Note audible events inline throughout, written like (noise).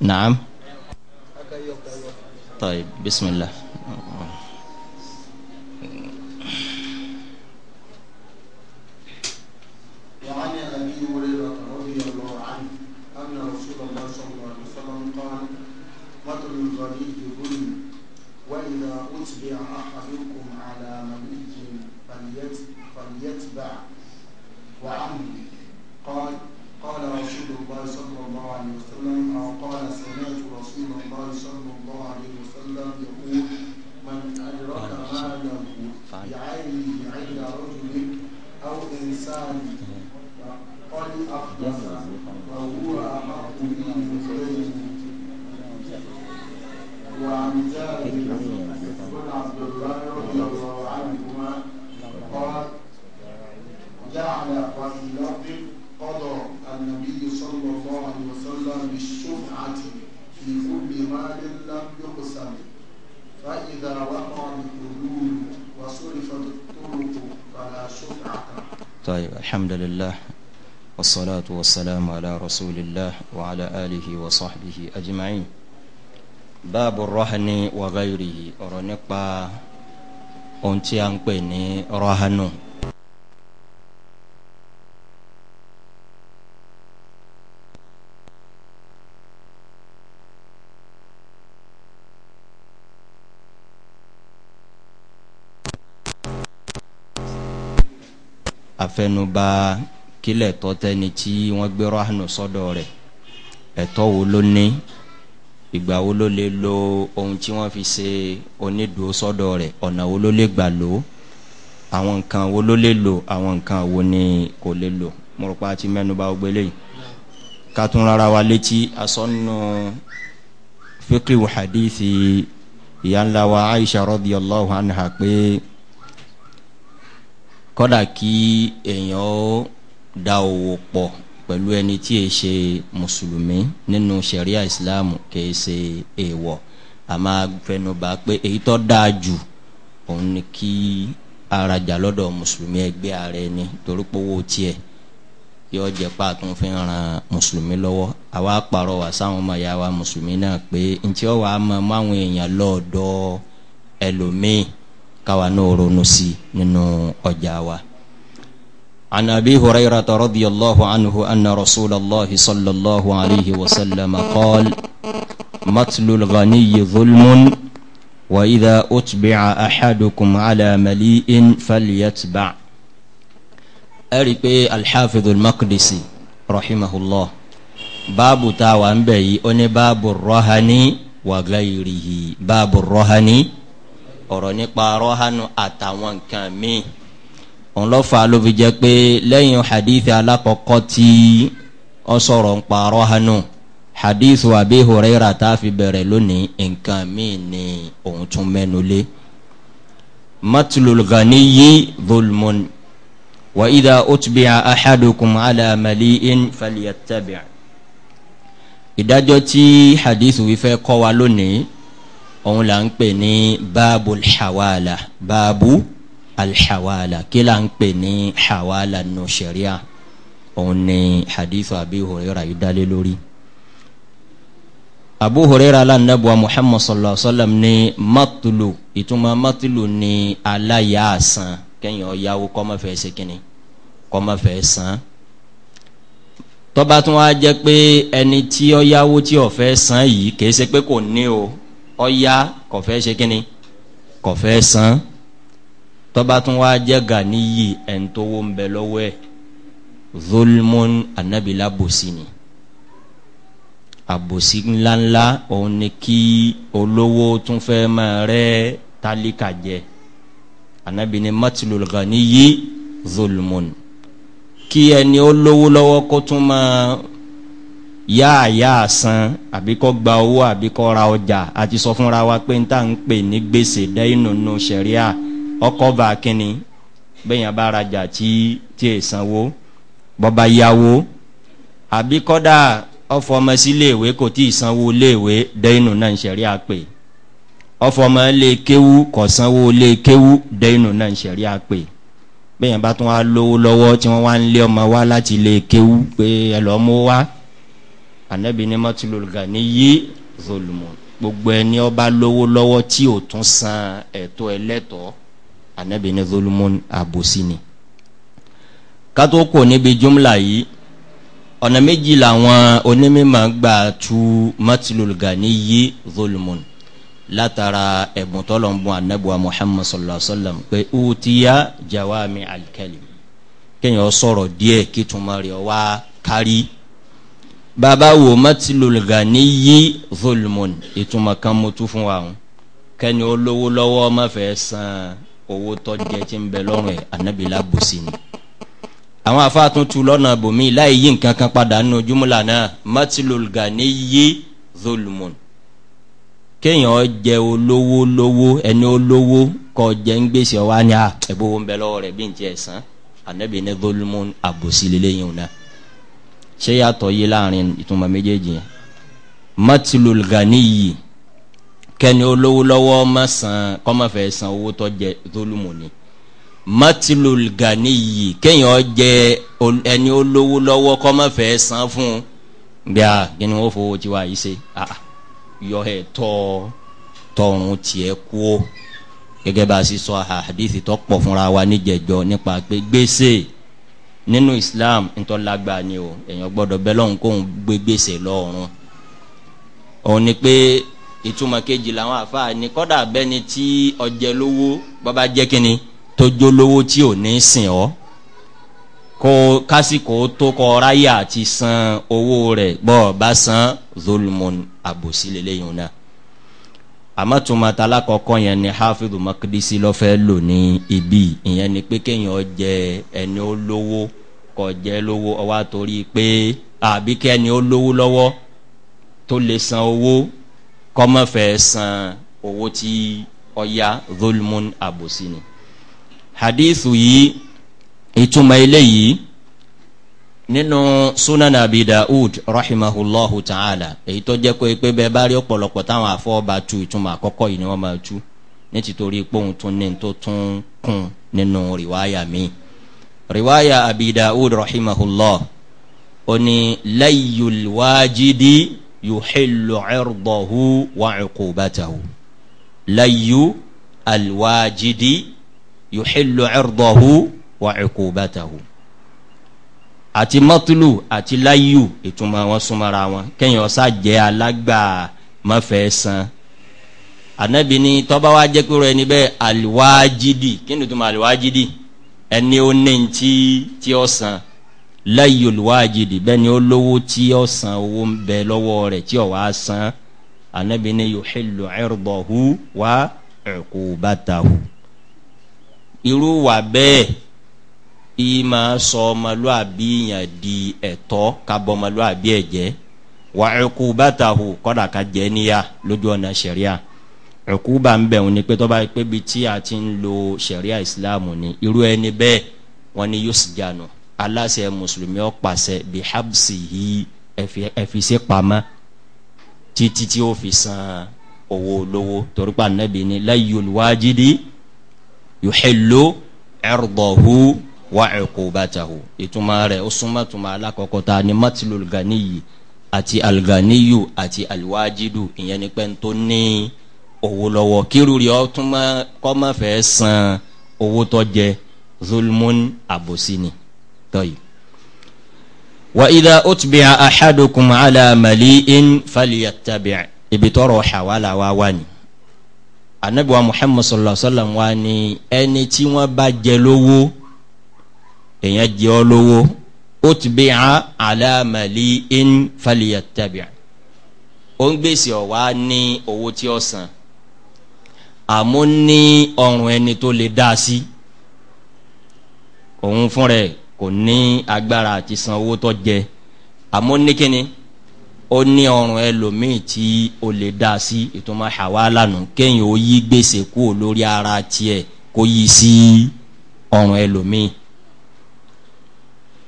نعم طيب بسم الله والسلام على رسول الله وعلى آله وصحبه أجمعين باب الرهن وغيره ọ̀rọ̀ nípa ohun tí kílẹ̀ tọ́ tẹni tí wọ́n gbé rahnu sọ́dọ̀ rẹ̀ ẹ̀tọ́ wo ló ní ìgbà wo ló lè lo ohun tí wọ́n fi ṣe onídùú sọ́dọ̀ rẹ̀ ọ̀nà wo ló lè gbà lò àwọn nǹkan wo ló lè lò àwọn nǹkan wo ni kò lè lò mo rò pé ti mẹ́nu bà gbé ká tún rárá wa létí asọ́nù fíkì hadithi ìyá ńlá wa Aisha radiyallahu anha pé kódà kí èèyàn ó da owó pọ̀ pẹ̀lú ẹni tí e ṣe mùsùlùmí nínú sẹ̀ríà ìsìláàmù kì í ṣe èèwọ̀ a máa fẹnubà pé èyí tó dáa jù òun ni kí arajà lọ́dọ̀ mùsùlùmí ẹgbẹ́ ààrẹ ni torí pówó tiẹ̀ yọ jẹ́ pa àtún fi ran mùsùlùmí lọ́wọ́ àwa pàrọwà sáwọn ọmọ ìyá wa mùsùlùmí náà pé ntí ọ wàá mọ máwọn èèyàn lọ́ọ̀dọ̀ ẹlòmíì káwa náà ronú sí nínú ọjà wa. No عن أبي هريرة رضي الله عنه أن رسول الله صلى الله عليه وسلم قال مثل الغني ظلم وإذا أتبع أحدكم على مليء فليتبع أريك الحافظ المقدسي رحمه الله باب تاوان بي أني باب الرهن وغيره باب الرهن أرني بارهن أتاوان كامي òun lọ fa ló fi jẹ pé lẹ́yìn hadithi alakọ̀kọ́ tí ọ sọ̀rọ̀ ń parọ́ hanu hadithu abi huraira tá a fi bẹ̀rẹ̀ lónìí nǹkan míì ni òun tún mẹ́nu lé matlul ghaniyi dhulmun wa idha utbi'a ahadukum ala mali'in falyattabi' ìdájọ́ tí hadithu wífẹ́ kọ́ wa lónìí òun là ń pè ní baabul hawala baabu. Babu alḥawala kí la ń pè ní hawala nù sẹ̀ríà òun ni hadith abi hurera yìí dálé lórí abu hurera alanabuwa muhammad sallallahu alaihi wa sallam ni matulu ìtumọ̀ matulu ni aláyàásán kẹ́yìn ọ̀yáwó kọ́mọ́fẹ́ ṣe kínní kọ́mọ́fẹ́ san tọ́ba tún wá jẹ́ pé ẹni tí ọ̀yáwó tí ọ̀fẹ́ san yìí kìí ṣe pé kò ní o ọ̀yá kọ̀fẹ́ ṣe kínní san tọ́ba tún wá jẹ́ gàníyì ẹ̀ń tó wó ń bẹ lọ́wọ́ ẹ̀ zolmon anabila bòsí ni àbòsí ńláńlá òun ni kí olówó tún fẹ́ máa rẹ́ tálíkà jẹ anabi ni matilul ganiyi zolmon kí ẹni olówó lọ́wọ́ kó tún máa yáàyá san àbí kọ́ gba owó àbí kọ́ ra ọjà àti sọ fúnra wa pé n ta ń pè ní gbèsè dẹ́yìn nínú sẹ̀ríà. No, no, ọkọ̀ bá kínni bẹ́yìn abárajà tí tí è sanwó bọ́ba yáwó àbí kọ́dà ọfọ ọmọ sí léèwé kò tí ì sanwó léèwé dẹ́yìnù náà ń ṣẹ̀rí àpè ọfọ ọmọ lè kéwú kò sanwó lè kéwú dẹ́yìnù náà ń ṣẹ̀rí àpè bẹ́yìn bá tún wá lówó lọ́wọ́ tí wọ́n wá ń lé ọmọ wá láti lè kéwú pé ẹ lọ́ mú wá anabi ni matulolga ni yí zolomon gbogbo ẹni ọba lówó lọ́wọ́ tí ò tún san ẹ̀tọ́ ẹlẹ́tọ̀ọ́ anabi ni zulumun abosi ni kátó kò níbi jumla yìí ọ̀nà méjì làwọn onímọ̀ gbà tu matilulga ní yí zulumun látara ẹ̀bùn tọ́lọ̀mbùn anabuwa muhammad sallallahu alaihi wa sallam pé utiya jawami alkalim kéèyàn sọ̀rọ̀ díẹ̀ kí tuma rẹ̀ wá kárí bàbá wo matilulga ní yí zulumun ìtumọ̀ kan mo tú fún wa kẹ́ni olówó lọ́wọ́ má fẹ́ san owó tọ́jẹ́ tí ń bẹ lọ́rùn ẹ̀ anabi lábòsí ni àwọn afáàtún tu lọ́nà bòmí láì yí nǹkan kan padà nínú júmùlà náà matilolga ní yé zolomon kéèyàn jẹ olówó lówó ẹni olówó kọ jẹ ń gbèsè ọwọ́ ni a ẹ̀bù wọn bẹ lọ́wọ́ rẹ̀ bí n tiẹ̀ sàn anabi ní zolomon àbòsí lélẹ́yìn náà ṣé yàtọ̀ yé láàrin ìtumọ̀ méjèèjì matilolga ní yìí kẹni olówó lọ́wọ́ má san kọ́mọ̀fẹ́ san owó tó jẹ tólùmùní matilul ganiyi kéèyàn jẹ ẹni olówó lọ́wọ́ kọ́mọ̀fẹ́ san fún bí a gini wọ́n fowó tí wàá yìí ṣe yọ ẹ̀ tọ́ tọrùn tiẹ̀ kú o bá a sì sọ àdìsí tó pọ̀ fúnra wa níjẹ̀jọ nípa pé gbèsè nínú Islam ntọ́lágbá ni o èèyàn gbọ́dọ̀ bẹ́ẹ̀ lọ́hùn kóhùn gbé gbèsè lọ́rùn òun ni pé ìtumọ̀ kejì làwọn àfáà ní kọ́dà bẹ́ni tí ọjẹ́ lówó bọ́bá jẹ́ kínni tó jó lówó tí ò ní sìn ọ́ kó kásìkò tó kọ ráyà àti san owó rẹ̀ bọ́ bá san zolomon àbòsí lélẹ́yìn náà àmọ́ tala kọ̀ọ̀kan yẹn ni hafidu makidisi lọ́fẹ́ lò ní ibi ìyẹn ni pé kéèyàn jẹ ẹni ó lówó kò jẹ lówó ọwọ́ àtòrí pé àbí kẹ́ni ó lówó lọ́wọ́ tó lè san owó Kọma san owó tí ọya zolmun abosi ni hadithu yi ìtumọ̀ eléyìí ninu sunana abi daud rahimahullahu ta'ala eyi tó jẹ́ pé bẹ́ẹ̀ bari rí ọ̀pọ̀lọpọ̀ táwọn afọ́ba tu ìtumọ̀ àkọ́kọ́ yìí ni wọ́n máa tu ní títorí pòun tún ní tó tún kún mi riwaya abi daud rahimahullah ó ní layyul yuhillu ẹrùdọ̀hu wà ẹ̀kọ́bàtàhu layu alwajidi yuhillu ẹrùdọ̀hu wà ẹ̀kọ́bàtàhu. àti mọ́tulù àti láyù ìtumọ̀ wọn súnmọ́ra wọn kẹ́yìn ọ̀sá jẹ́ alágbà mọ́fẹ́ san anabi ni tọ́ba wa jẹ́ kúrò ẹni bẹ́ẹ̀ aliwájídì kí ni ìtumọ̀ aliwájídì ẹni ó ní ti ó san láyòlù wájìdì bẹ́ẹ̀ ni ó lówó tí ó san owó ń bẹ lọ́wọ́ rẹ̀ tí ó wá san anabi ni yuhillu irdahu wa uqubatahu irú wà bẹ́ẹ̀ ìmọ̀ sọ ọmọlúàbí yàn di ẹ̀tọ́ kábọ̀ ọmọlúàbí ẹ̀ jẹ́ wa uqubatahu kọ́dà ká jẹ́ níyà lójú ọ̀nà ṣẹ̀ríà ẹ̀kúbà ń bẹ̀ wọ́n ni pé tó pé bi tí a ti ń lo ṣẹ̀ríà ìsìláàmù ni irú ẹni bẹ́ẹ̀ wọ́n ní yóò sì jánu aláṣẹ mùsùlùmí ọ̀pàṣẹ bí habsi yìí ẹ̀fìṣẹ́ pamọ́ títí tí ó fi san owó olówó torí pa anabi ni layyul wájidi yuhillu ẹrùbọ̀hu wà ẹ̀kọ́bàtàhu ìtumọ̀ rẹ̀ ó súnmọ́ tuma alákọ̀ọ́kọ́ ta ni matilul ganiyi àti alganiyu àti alwajidu ìyẹn ni pé n tó ní owó lọ́wọ́ kírúurì ọtún kọ́ san owó tó zulmun abosini tọ́yì. wa idha utbi'a ahadukum ala mali'in falyattabi' ibi tọrọ hawala wa wá ni anabi wa muhammad sallallahu alaihi wa sallam wa ni ẹni tí wọ́n bá jẹ lówó èèyàn jẹ ọ lówó utbi'a ala mali'in falyattabi' ó ń gbèsè ọ̀wá ní owó tí ó san àmọ́ ní ọrùn ẹni tó lè dá sí òun fún rẹ̀ kò ní agbára àti san owó tó jẹ àmọ́ ní kíni ó ní ọrùn ẹlòmíì tí o lè dá sí ìtumọ̀ hawala nù kéèyàn ó yí gbèsè kúrò lórí ara tiẹ̀ kó yí sí ọrùn ẹlòmíì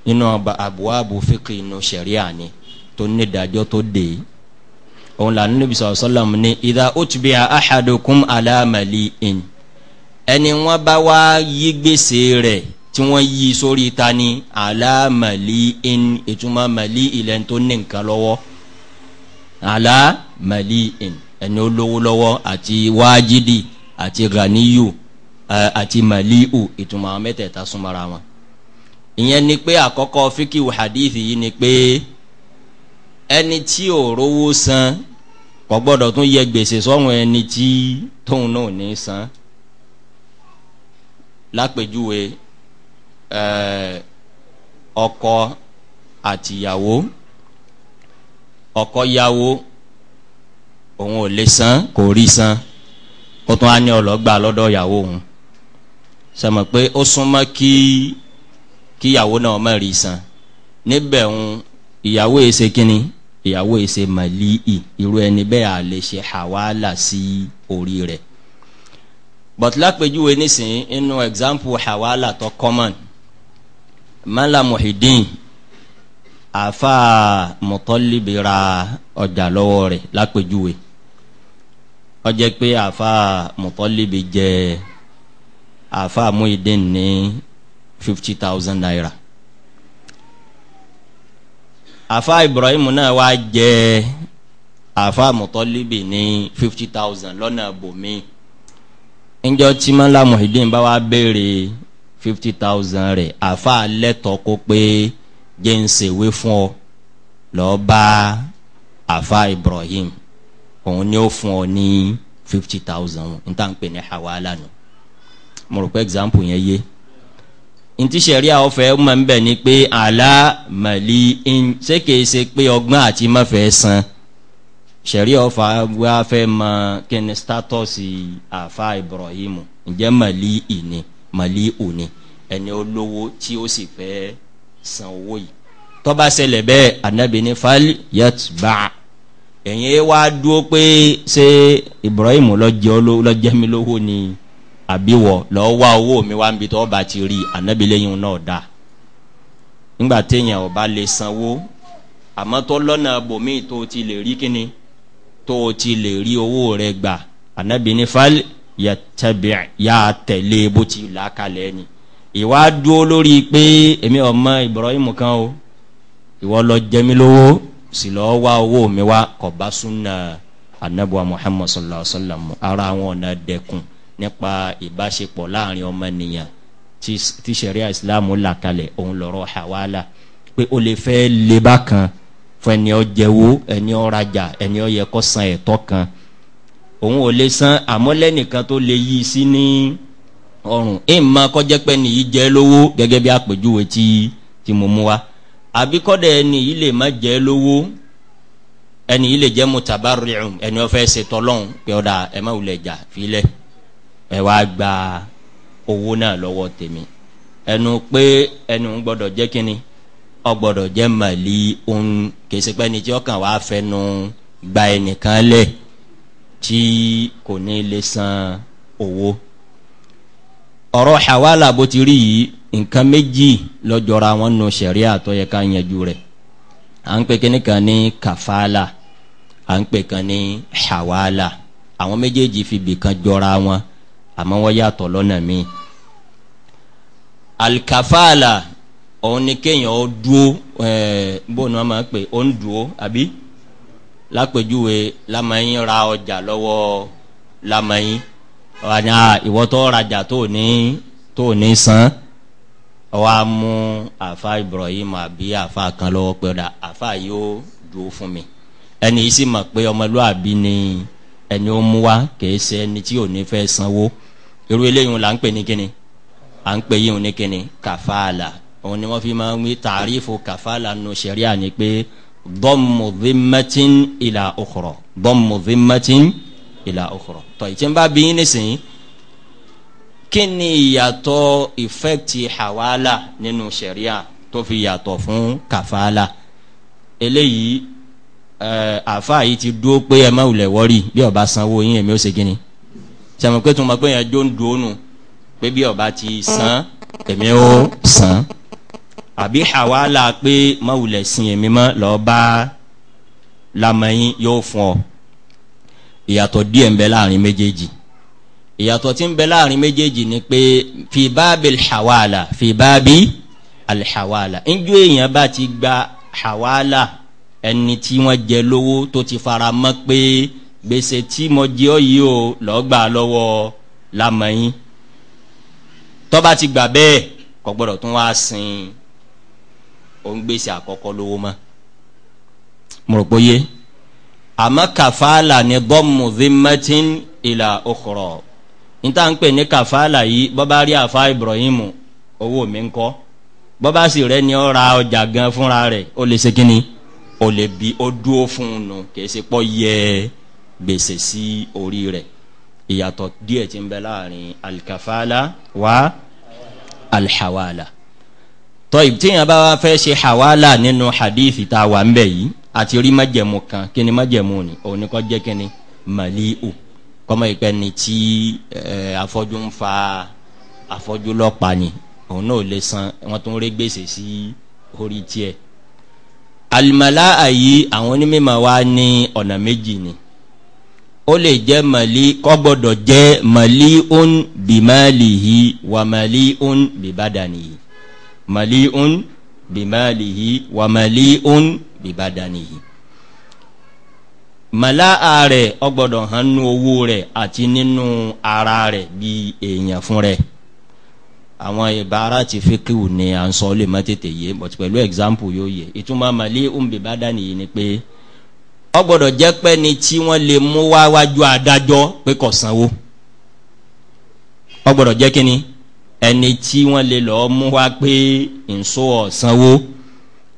nínú àbúwábù fíkì inú sẹ̀ríà ni tó ní ìdájọ́ tó dé òun là nínú bisọ̀ sọ́lọ́mù ní ìdá òtúbi ahadukum alámàlì ẹni wọ́n bá wá yí gbèsè rẹ̀ tí wọ́n yí sórí ta ni aláàmàlì in ìtumọ̀ mali ilẹ̀ tó ní nǹkan lọ́wọ́ aláàmàlì in ẹni olówó lọ́wọ́ àti wájídì àti ghaniyu àti maliu, ìtumọ̀ àwọn mẹ́tẹ̀ẹ̀ta súnmọ́ra wọn ìyẹn ni pé àkọ́kọ́ fíkìw hadithi yìí ni pé ẹni tí ò rówó san kò gbọ́dọ̀ tún yẹ gbèsè sọ́run ẹni tí tóun náà ní san lápèjúwe Eh, ọkọ àtìyàwó ọkọ yàwó òun ò lè san kò rí san ó tún á ní ọlọ́gbà lọ́dọ̀ yàwó òun sọmọ pé ó súnmọ́ kí kíyàwó náà má rí san níbẹ̀ ń ìyàwó èsè kínní ìyàwó èsè màlíì irú ẹni bẹ́ẹ̀ à lè ṣe hàwálà sí orí rẹ̀ but lápèjúwe nísìnyí inú example hàwálà tó common mala muhidin àfa mọ̀tọ́líbi ra ọjà lọ́wọ́ rẹ̀ lápèjúwe ọjẹ́ pé àfa mọ̀tọ́líbi jẹ àfa muhidin ní fifty thousand naira àfa ibrahim náà wá jẹ àfa mọ̀tọ́líbi ní fifty thousand lọ́nà bòmí ńjọ́ tí mala muhidin bá wá béèrè fifty thousand rẹ̀ àfa lẹ́tọ̀ kó pé jẹ́ ń ṣèwé fún ọ lọ́ọ́ bá àfa Ibrahim òun ni ó fún ọ ní fifty thousand n tá n pè ní hawala nù mo rò pé example yẹn yé ntí sẹ̀ríà ọ̀fẹ́ mọ̀ ń bẹ̀ ni pé àlá màlí ṣé kìí ṣe pé ọgbọ́n àti mọ̀fẹ́ san sẹ̀ríà ọ̀fà wá fẹ́ mọ kí ni status àfa Ibrahim ǹjẹ́ màlí ìní màlí òní ẹni olówó tí ó sì fẹ́ san owó yìí tó bá ṣẹlẹ̀ bẹ́ẹ̀ anabi ní fali yatba ẹ̀yin wá dúró pé Ibrahim lọ́jẹ́ mi lówó ni àbíwọ̀ lọ́ọ́ wá owó mi wá ń bi tó bá ti rí anabi lẹ́yìn náà dáa nígbà téèyàn ò bá lè sanwó àmọ́ tó lọ́nà bòmíì tó ti lè rí kíni tó ti lè rí owó rẹ̀ gbà ànábì ní yẹtẹbi yà tẹ̀lé bó ti là kalẹ̀ ni ìwà dúró lórí pé èmi ọmọ Ibrahim kan o ìwọ lọ jẹmi lówó sì lọ wá owó mi wá kọba súnà anabuwa Muhammad sallallahu alaihi wa sallam ara àwọn ọ̀nà dẹkùn nípa ìbáṣepọ̀ láàrin ọmọnìyàn tí ṣẹ̀ríà ìsìláàmù là kalẹ̀ òun lọ́rọ̀ hawala pé o lè fẹ́ leba kan fún ẹni ó jẹ́wọ́ ẹni ó rajà ẹni ó yẹ kó san ẹ̀tọ́ kan òun ò lè san àmọ́lẹ́nìkan tó le yí sí ní ọrùn ìmọ̀ kọjẹ́ pé nìyí jẹ́ lówó gẹ́gẹ́ bí àpèjúwe tí tí mo mú wa àbí kọ́dẹ̀ nìyí lè má jẹ́ lówó ẹni yìí lè jẹ́ mutabarium ẹni wọ́n fẹ́ ṣe tọ́lọ́hún pé ọ̀dà ẹ má wulẹ̀ jà filẹ̀ ẹ wá gba owó náà lọ́wọ́ tèmi ẹnu pé ẹnu gbọ́dọ̀ jẹ́ kínni ó gbọ́dọ̀ jẹ́ màlí òun kèsì pé ẹni tí ọkàn wàá fẹnu gba ẹnìkan lẹ̀ tí kò ní lè san owó ọ̀rọ̀ hawala bó ti rí yìí nǹkan méjì lọ́jọ́ra wọn nù sẹ̀ríà tó yẹ ká yanjú rẹ̀ à ń pè kíní kan ní kàfàlà à ń pè kan ní hawala àwọn méjèèjì fi bìkan jọra wọn àmọ́ wọ́n yàtọ̀ lọ́nà míì alikafala òun ni kéèyàn ó dúó ẹ̀ẹ́d bóun náà máa ń pè ó ń dúó àbí lápèjúwe lamẹ́yìn ra ọjà lọ́wọ́ lamẹ́yìn ọ̀hánà ah, ìwọ́tọ́ rajà tó ní tó ní san ọwọ́ á mú àfa Ibrahim àbí àfa kan lọ́wọ́ pé ọ̀dà àfa yóò dúró fún mi ẹni yìí sì mọ̀ pé ọmọlúàbí ni ẹni ó mú wá kìí ṣe ẹni tí ò ní fẹ́ sanwó irú eléyìí là ń pè ní kíni à ń pè yìí ní kíni kàfàlà òun ni wọ́n fi máa ń wí tààrífù kàfàlà nù sẹ́ríà ni pé dọ́mù dhimmatin ìlà ukhra dọ́mù dhimmatin ìlà ukhra tọ́ ìtìǹbà bí yín nísìnyí kí ni ìyàtọ̀ ìfẹ́ẹ̀tì hawala nínú sẹ̀ríà tó fi yàtọ̀ fún kàfàlà eléyìí eh, àfa yìí ti dúró pé ẹ má wulẹ̀ wọ́rí bí ọba sanwó yín èmi ó ṣe gíní sàmùkẹ́tùmọ̀ pé yẹn jó ń dùn ó nù pé bí ọba ti san èmi ó san àbí hawala pé mawulẹ̀ sin èmi mọ́ lọ́ọ́ bá lamẹ́yìn yóò fún ọ ìyàtọ̀ díẹ̀ ń bẹ láàrin méjèèjì ìyàtọ̀ tí ń bẹ láàrin méjèèjì ni pé fi báàbí hawala fi báàbí alhawala njó èèyàn bá ti gba hawala ẹni tí wọ́n jẹ lówó tó ti fara mọ́ pé gbèsè tí mo jẹ ọ yìí o lọ́ọ́ gbà lọ́wọ́ lamẹ́yìn tọ́ba ti gbà bẹ́ẹ̀ kò gbọ́dọ̀ tún wá sin òun gbèsè àkọ́kọ́ lówó mọ́ mo yé àmọ́ kàfàlà ni bọ́ọ̀mù zimmatin ìlà ukhra níta ń pè ní kàfàlà yìí bọ́bá rí àfa Ibrahim owó mi ń kọ́ bọ́bá sì rẹ ni ó ra ọjà gan fúnra rẹ̀ ó lè ṣe kínni ó lè bi ó dúró fún un nù kì í ṣe pọ́ yẹ gbèsè sí orí rẹ̀ ìyàtọ̀ díẹ̀ ti ń bẹ láàrin alikafala wa alihawala. Al tọ́ ìtíyàn bá wá fẹ́ ṣe hàwálà nínú hadithi tá a wà ń bẹ̀ yìí àti rí májẹ̀mú kan kí ni májẹ̀mú ni òun ni kọ́ jẹ́ kí ni màlíù kọ́mọ ìpẹ́ ni tí eh, afọ́jú ń fa afọ́jú lọ́pàá ni òun náà lè san wọ́n tún rí gbèsè sí orí tiẹ̀ alimala ayi àwọn onímọ̀ wa ní ọ̀nà méjì ni ó lè jẹ́ màlí kọ́ gbọ́dọ̀ jẹ́ màlí un bimalihi wa màlí un bibadanihi mali'un bimalihi wa mali'un bibadanihi màláà rẹ̀ ọgbọ́dọ̀ hàn nú owó rẹ̀ àti nínú ara rẹ̀ bí èèyàn fún rẹ̀ àwọn ìbára ti fi kíwù ni à ń sọ lè má tètè yé but pẹ̀lú example yóò yẹ ìtumọ̀ mali'un bibadanihi ni pé ọgbọ́dọ̀ jẹ́ pé ni tí wọ́n lè mú wá wájú adájọ́ pé kò sanwó ọgbọ́dọ̀ jẹ́ kínní ẹni tí wọn lè lọ mú wá pé nsọ ọ̀sánwó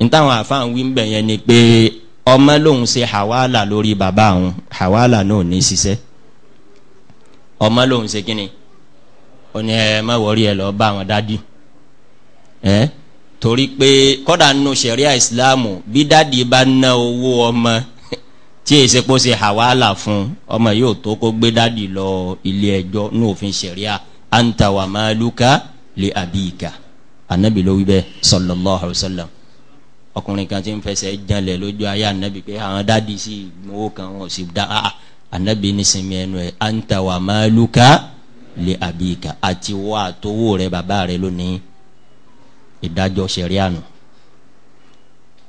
ntáwọn àfáàn wí ń bẹ̀ yẹn ni pé ọmọ lòun ṣe hawala lórí bàbá àwọn hawala náà ní ṣiṣẹ́ ọmọ lòun ṣe kíni ó ní ẹ má wọrí ẹ lọ́ọ́ bá àwọn dádì ẹ torí pé kọ́dà nù sẹ̀ríà ìsìláàmù bí dádì bá ná owó ọmọ (laughs) tí èsì kó ṣe hawala fún ọmọ yóò tó kó gbé dádì lọ ilé ẹjọ́ ní òfin sẹ̀ríà. anta wa maluka li abika anabi ló wí bẹ́ẹ̀ sallallahu alayhi wa sallam ọkùnrin kan ti ń fẹsẹ̀ janlẹ̀ lójú ayé anabi pé àwọn dáàdi sí ìgbówó kan wọn ò sì dá a ah, anabi ah. ní sinmi ẹnu ẹ anta wa maluka li abika àti wọ àtọwọ rẹ bàbá rẹ lónìí ìdájọ́ ṣẹ̀ríà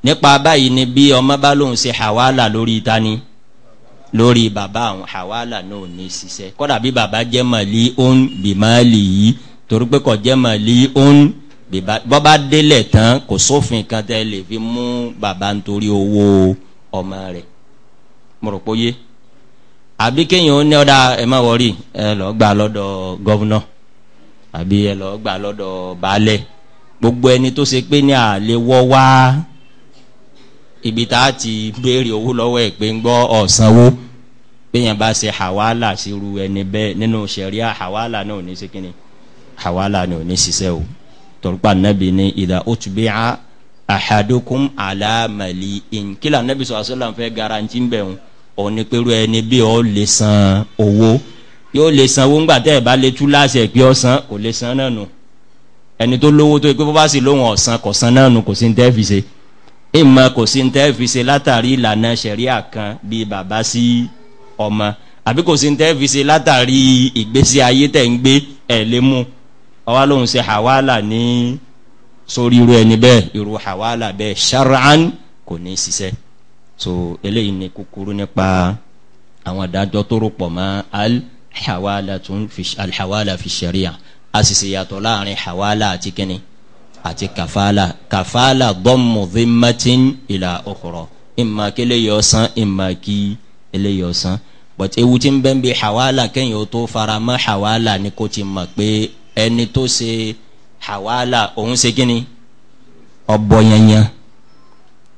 nípa báyìí ni bí ọmọ bá lóun ṣe hàwálà lórí ìta ni lórí bàbá àwọn hawala náà ní ṣiṣẹ́ kódà bí bàbá jẹ́ màlí òun bìmálì yìí torí pé kò jẹ́ màlí òun bọ́bá délẹ̀ tán kò sófin kan tẹ́ lè fi mú bàbá nítorí owó ọmọ rẹ̀ mo rò pé ó yé àbí kéèyàn ó ní ọ̀dà ẹ̀ má wọrí ẹ lọ́ọ́ gbà lọ́dọ̀ gọ́vnọ̀ àbí ẹ lọ́ọ́ gbà lọ́dọ̀ baálẹ̀ gbogbo ẹni tó ṣe pé ní àlewọ́ wá ibi tá a ti béèrè owó lọ́wọ́ ẹ̀ pé ń gbọ́ ọ̀sánwó bẹ́yẹn bá ṣe hawala síru ẹni bẹ́ẹ̀ nínú sẹ̀ríà hawala náà ní sí kínní hawala náà ní ṣiṣẹ́ o torípa nàbì ní ìdá òtúbí a ahadukum alamali nkílà nàbì sọ àṣọ làǹfẹ́ garanti ń bẹ̀rù òun ni pẹ̀lú ẹni bí ọ lè san owó yóò lè san owó ńgbà tẹ́ ẹ̀ bá lè tú láṣẹ pé ọ san kò lè san náà nù ẹni tó lówó tó yẹ pé bó bá sì lóhùn ọ̀sán kọ̀ọ̀sán náà nù kò sí ní tẹ́ fi ṣe ìmọ̀ kò sí tẹ́ fi ṣe látàrí ìlànà ṣẹ̀ríà kan bí bàbá sí ọmọ àbí kò sí tẹ́ fi ṣe látàrí ìgbésí ayé tẹ̀ ń gbé ẹ̀ lé mú ọwá lòun ṣe hàwálà ní sórí irú ẹni bẹ́ẹ̀ irú hàwálà bẹ́ẹ̀ ṣaraan kò ní ṣiṣẹ́ so eléyìí ni kúkúrú nípa àwọn àdájọ́ tó rò pọ̀ mọ́ alhàwálà fi ṣẹ̀ríà a sì ṣe yàtọ̀ láàrin hàwálà àti kínní àti kàfàlà kàfàlà dọ́mù dhimmatin ìlà ukhra ìmà kí eléyìí ọ̀sán ìmà kí eléyìí ọ̀sán but ewu tí ń bẹ́ bi hawala kẹ́yìn o tó fara mọ́ hawala ni kò ti mọ̀ pé ẹni tó ṣe hawala òun ṣe kí ni ọ̀bọ yanyan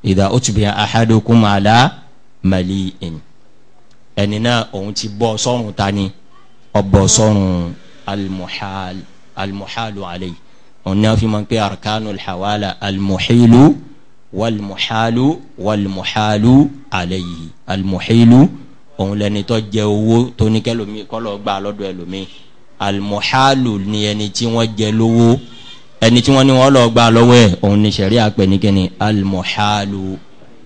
ìdá utbiya ahadukum ala mali'in ẹni náà òun ti bọ́ sọ́run ta ni ọ̀bọ sọ́run alimuhalu alayhi ọ̀nà fi máa ń pè arkanul hawala almuhilu walmuhalu walmuhalu alayhi almuhilu òun lẹni tó jẹ owó tó ní kẹlòmí kọlọ gba lọ́dọ̀ ẹlòmí almuhalu ni ẹni tí wọ́n jẹ lówó ẹni tí wọ́n ní wọ́n lọ gba lọ́wọ́ ẹ̀ òun ni sẹ̀rí àpẹ nìkẹ́ni almuhalu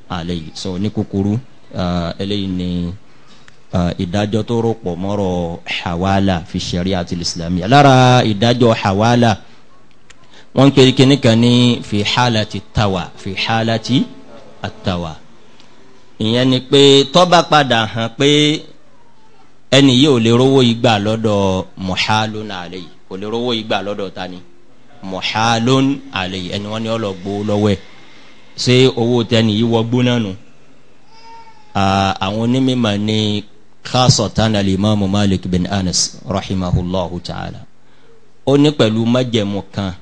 alayhi so ní kúkúrú eléyìí ni ìdájọ́ tó rọ̀pọ̀ mọ́rọ̀ hawala fi sẹ̀rí àti islamiyya lára ìdájọ́ hawala. Uh, wọ́n ń pèrè kíní kan ní fi hálàtì tàwà fi hálàtì àtàwà ìyẹn ni pé tó bá padà hàn pé ẹni yìí ò lè rówó igba lọ́dọ̀ mọ̀hálón àlẹ́ yìí kò lè rówó igba lọ́dọ̀ ta ni mọ̀hálón àlẹ́ yìí ẹni wọ́n ní ọlọ́gbó lọ́wọ́ ẹ̀ ṣé owó tẹni yìí wọ gbóná nu àwọn onímọ̀ ni khasatan alimami malik bin anas rahimahullahu ta'ala ó ní pẹ̀lú májẹ̀mú kan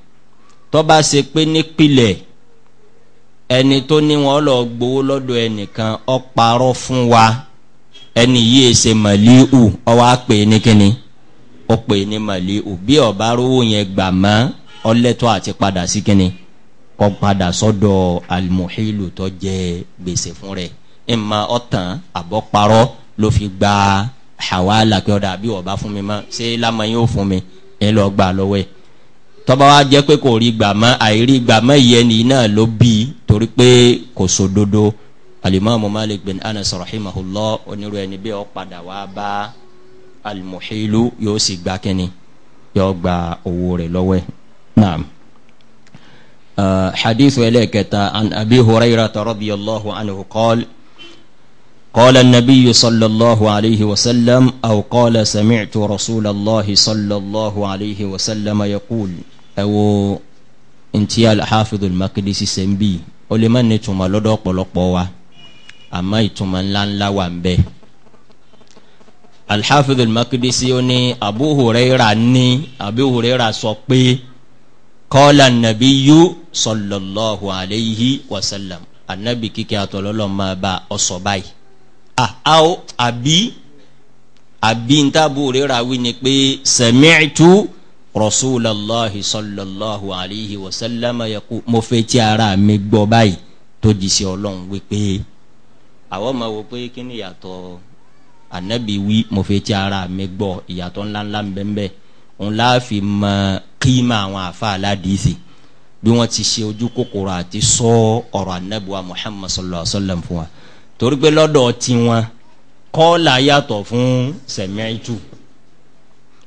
tọ́ba ṣe pé nípìlẹ̀ ẹni tó ní wọn lọ gbowó lọ́dọ̀ ẹnìkan ó parọ́ fún wa ẹni yìí ṣe màlíù ó wá pè é ní kíni ó pè é ní màlíù bí ọba rówó yẹn gbà mọ́ ọlẹ́tọ́ àti padà sí kíni kọ́ padà sọ́dọ̀ alimuhilu tó jẹ gbèsè fún rẹ̀ ìmọ̀ ọ̀tàn àbọ̀parọ́ ló fi gba hawala pé ọ̀dà bí ọba fún mi mọ́ ṣé lámọ̀ yín fún mi ẹ lọ gbà lọ́wọ́ ẹ̀ tọ́ba wa jẹ́ pé kò rí gbàmọ́ àìrí gbàmọ́ ìyẹnì náà ló bí torí pé kò sódodo alimami malik bin anas rahimahullah onírú ẹni bí ó padà wá bá alimuhilu yóò sì gba kínní yóò gba owó rẹ̀ lọ́wọ́ ẹ̀ naam. حديث إليك عن أبي هريرة رضي الله عنه قال قال النبي صلى الله عليه وسلم أو قال سمعت رسول الله صلى الله عليه وسلم يقول ẹ wo ntí alhafidul makidisi sẹ́ńbì ó lè má ní ìtumọ̀ lọ́dọ̀ ọ̀pọ̀lọpọ̀ wa àmọ́ ìtumọ̀ ńláńlá wà ń bẹ. alhafidul makidisi ó ní abu huraira ní abu huraira sọ pé kọ́lá nàbíyú sallallahu alayhi wa sallam anabi kíkẹ́ àtọ̀lọ́lọ́ máa bá ọ báyìí. àbí àbí ntàbù rírà wí ni pé sami'tu rasulallahi sallallahu alayhi wa sallam yaku mo fẹ́ tí ara mi gbọ́ báyìí tó jì sí ọlọ́run wípé àwọn máa wò pé kí ni ìyàtọ̀ anabi wí mo fẹ́ tí ara mi gbọ́ ìyàtọ̀ ńláńlá ń bẹ́ẹ̀ bẹ́ẹ̀ òun láàfin mọ kíma àwọn àfa aládìísì bí wọ́n ti ṣe ojú kòkòrò àti sọ ọ̀rọ̀ anabiwa muhammad sallallahu alaihi wa sallam fún wa torí pé lọ́dọ̀ tiwọn kọ́ọ̀là yàtọ̀ fún sẹ̀mẹ́tù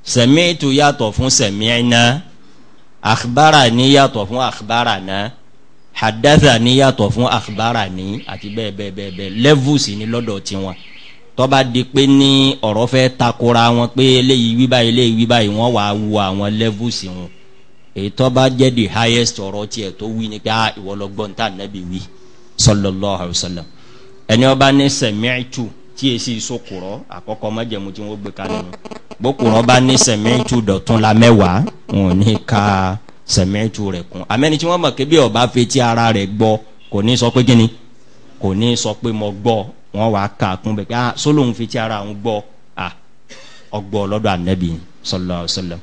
sẹ̀mìtù yàtọ̀ fún sẹ̀mìínà àkbára ní yàtọ̀ fún àkbára náà hadatha ní yàtọ̀ fún àkbára ní àti bẹ́ẹ̀ bẹ́ẹ̀ bẹ́ẹ̀ bẹ́ẹ̀ lẹ́vùsì ní lọ́dọ̀ tiwọn tó bá di pé ní ọ̀rọ̀ fẹ́ takora wọn pé eléyìí wí báyìí eléyìí wí báyìí wọ́n wàá wo àwọn lẹ́vùsì wọn èyí tó jẹ́ the highest ọ̀rọ̀ tiẹ̀ tó wí ni pé ah, ìwọ lọ gbọ́n tá nàbì wí sallallahu alaihi wasallam ẹni ó bá ní sẹ̀mìtù tí èsì ìsokùrọ̀ àkọ́kọ́ mọ́jẹ̀mú tí wọ́n gbé kalẹ̀ nù gbókùrọ̀ bá ní sẹ̀mẹ́ntù dọ̀tún la mẹ́wàá wọn ní ka sẹ̀mẹ́ntù rẹ̀ kún amẹ́ni tí wọ́n mọ̀ kébí ọba fetí ara rẹ̀ gbọ́ kò ní sọ pé kíni kò ní sọ pé mo gbọ́ wọn wàá kà kún bẹ́ẹ̀ ah sólóhùn fetí ara òun gbọ́ ah ọgbọ́ lọ́dọ̀ anabi sallallahu alaihi wasallam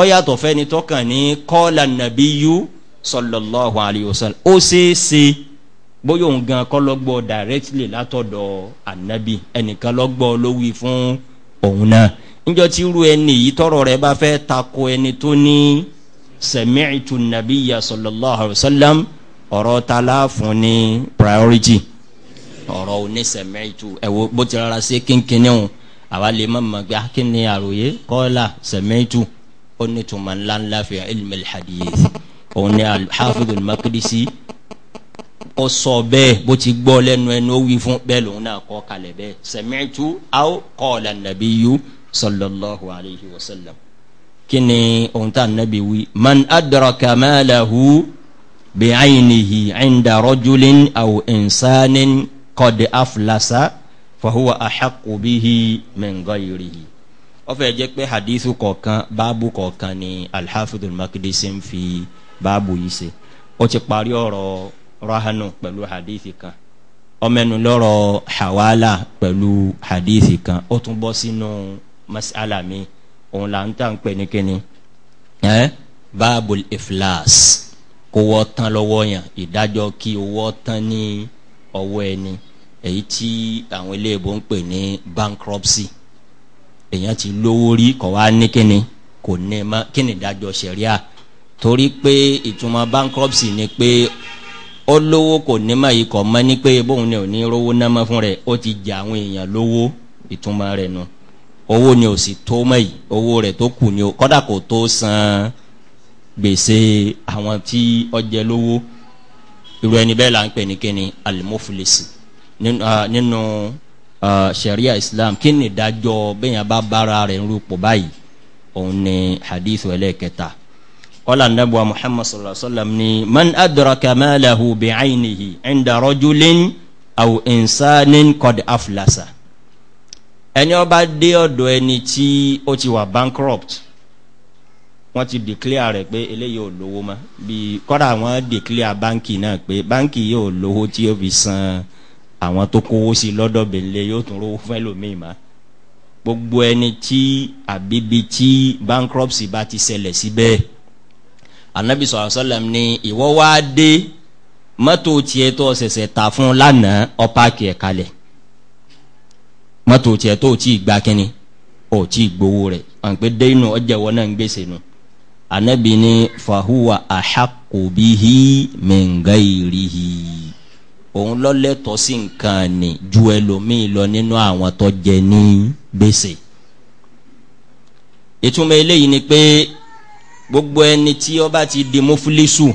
ọ yàtọ̀ fẹ́ni tọkàn ní kọ́ọ̀lá nàbíyú sallallahu alaihi wasallam ó ṣeé bóyá òun gan kọ́ lọ directly látọ̀dọ̀ ànábì ẹnìkan lọ gbọ́ ló wí fún òun náà níjọ́ tí irú ẹni yìí tọrọ rẹ̀ bá fẹ́ tako ẹni tó ní sami'tu nabiyya sallallahu alayhi wa sallam ọ̀rọ̀ ta la fún ní priority ọ̀rọ̀ òní sami'tu ẹ̀wọ̀ bó ti rárá sí kínkínní o àwa lè má mọ̀ pé akínní ah, àròyé kọ́lá sami'tu ó ní tuma ńláńlá fi ilmi al-hadith òun ní al-Hafidh al-Maqdisi kọ́ sọ bẹ́ẹ̀ bó ti gbọ́ lẹ́nu ẹnu ó wí fún bẹ́ẹ̀ lòun náà kọ́ kalẹ̀ bẹ́ẹ̀ sami'tu aw qala nabiyyu sallallahu alayhi wa sallam kí ni ohun tá nàbí wí man adraka malahu bi'aynihi 'inda rajulin aw insanin qad aflasa fahuwa ahaqqu bihi min ghayrihi ó fẹ́ pé hadithu kọ̀ọ̀kan báàbù kọ̀ọ̀kan ni alhafidul makidisi fi báàbù yìí ṣe ó ti parí ọ̀rọ̀ rahanu pẹ̀lú hadithi kan ọmẹnu lọ́rọ̀ hawala pẹ̀lú hadithi kan ó tún bọ́ sínú masala mi òun là ń tà ń pè ní kíni ẹ́ babul iflas kó wọ́ tán lọ́wọ́ yàn ìdájọ́ kí owó tán ní ọwọ́ ẹni èyí tí àwọn iléèbó ń pè ní bankruptcy èèyàn ti lówó rí kọ̀ wá ní kíni kò ní ma kíni ìdájọ́ ṣẹ̀ríà torí pé ìtumọ̀ bankruptcy ni pé ó lówó kò ní má yìí kọ̀ mọ́ ní pé bóun ni ò ní rówó ná mọ́ fún rẹ̀ ó ti jẹ àwọn èèyàn lówó ìtumọ̀ rẹ̀ nu owó ni ò sì tó mọ́ yìí owó rẹ̀ tó kù ni kọ́dà kò tó san gbèsè àwọn tí ọjẹ́ lówó irú ẹni bẹ́ẹ̀ là ń pè ní kíni alimofilisi nínú sharia islam kí ni ìdájọ́ bẹ́ẹ̀ yẹn bá bára rẹ̀ ń rúpọ̀ báyìí òun ni hadith ẹlẹ́kẹta. قال النبي محمد صلى الله عليه وسلم من أدرك ماله بعينه عند رجل أو إنسان قد أفلس ẹni ọba dé ọ̀dọ̀ ẹni tí ó ti wà bankrupt wọ́n ti declare rẹ̀ pé eléyìí ò lówó mọ́ bíi kọ́dà wọ́n declare báńkì náà pé báńkì yóò lówó tí yóò fi san àwọn tó kówó sí lọ́dọ̀ bẹ̀lẹ̀ yóò tún rówó fún ẹlòmíì mọ́ gbogbo ẹni tí àbíbi tí bankruptcy bá ti ṣẹlẹ̀ síbẹ̀. Si anabi sallallahu alaihi ni ní ìwọ wá dé mọ́tò tiẹ̀ tó ṣẹ̀ṣẹ̀ ta fún lánàá ó páàkì ẹ̀ kalẹ̀ mọ́tò tiẹ̀ tó tí ì gba kínní ó tí ì gbowó rẹ̀ wọn pe dénú ọjẹwọ náà ń gbèsè nu anabi ní fahuwa ahaqqu bihi òun lọ́lẹ́tọ̀ sí nǹkan ni ju ẹlòmíì lọ nínú àwọn tó jẹ ní gbèsè ìtumọ̀ eléyìí ni pé gbogbo ẹni tí ó bá ti di mufilisu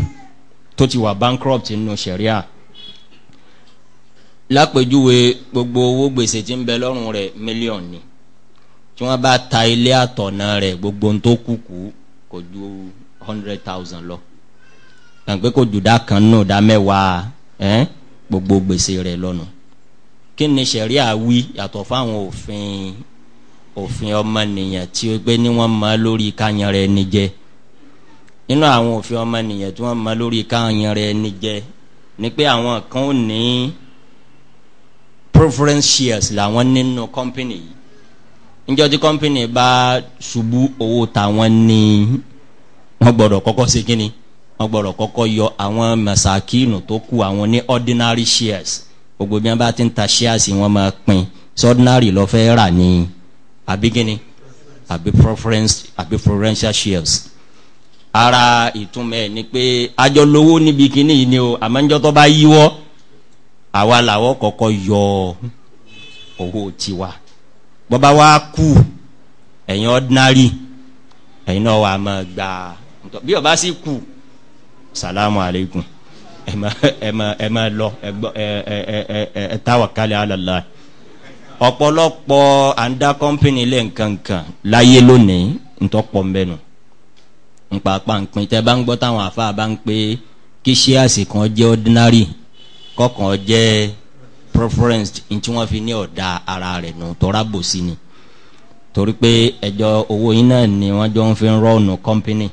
tó ti wà bankrupt nínú ṣẹ̀ríà lápèjúwe gbogbo owó gbèsè tí ń bẹ lọ́rùn rẹ̀ mílíọ̀nù ni tí wọ́n bá ta ilé àtọ̀nà rẹ̀ gbogbo ń tó kúkú kò ju hundred thousand lọ gbàgbé kò ju dá kan nù dá mẹ́wàá ẹ́n gbogbo gbèsè rẹ̀ lọ́nà kí ni ṣẹ̀ríà wí yàtọ̀ fáwọn òfin òfin ọmọnìyàn tí ó gbé ní wọ́n mọ lórí kányẹrẹ ẹni jẹ́ nínú àwọn òfin ọmọnìyàn tí wọ́n mọ lórí káàyàn rẹ̀ ní jẹ ni pé àwọn kan ò ní preference shares làwọn nínú company yìí níjọ́ tí company bá ṣubú owó tàwọn ní wọ́n gbọ́dọ̀ kọ́kọ́ ṣe kínni wọ́n gbọ́dọ̀ kọ́kọ́ yọ àwọn masakínu tó kù àwọn ní ordinary shares gbogbo bí wọ́n bá ti ń ta shares wọ́n máa pín sí ordinary lọ fẹ́ rà ní àbí kínni àbí preference àbí preferential shares ara ìtumẹ̀ ni pé àjọ lówó níbi kíní yìí ni o àmọ́ níjọ́ tó bá yíwọ́ àwa làwọ́ kọ́kọ́ yọ owó tiwa bọ́ba wa kú ẹ̀yin ordinary ẹ̀yin náà wà á máa gbà bí ọba sì kú salamu aleykum ẹ máa lọ ẹ tawakkali ala Allah ọ̀pọ̀lọpọ̀ àǹdá lẹ́ǹkankan láyé lónìí ntọ́pọ̀ mbẹ́nu nípa pàǹpin tẹ́ bá ń gbọ́ táwọn àfa bá ń pé kí ṣíàsì jẹ́ ordinary kọ̀ọ̀kan jẹ́ preference tí wọ́n fi ní ọ̀dà ara rẹ̀ nù tọ́ra bò sí ni torí pé ẹjọ́ owó yín náà ni wọ́n jọ ń fi ń rọ́ọ̀nù company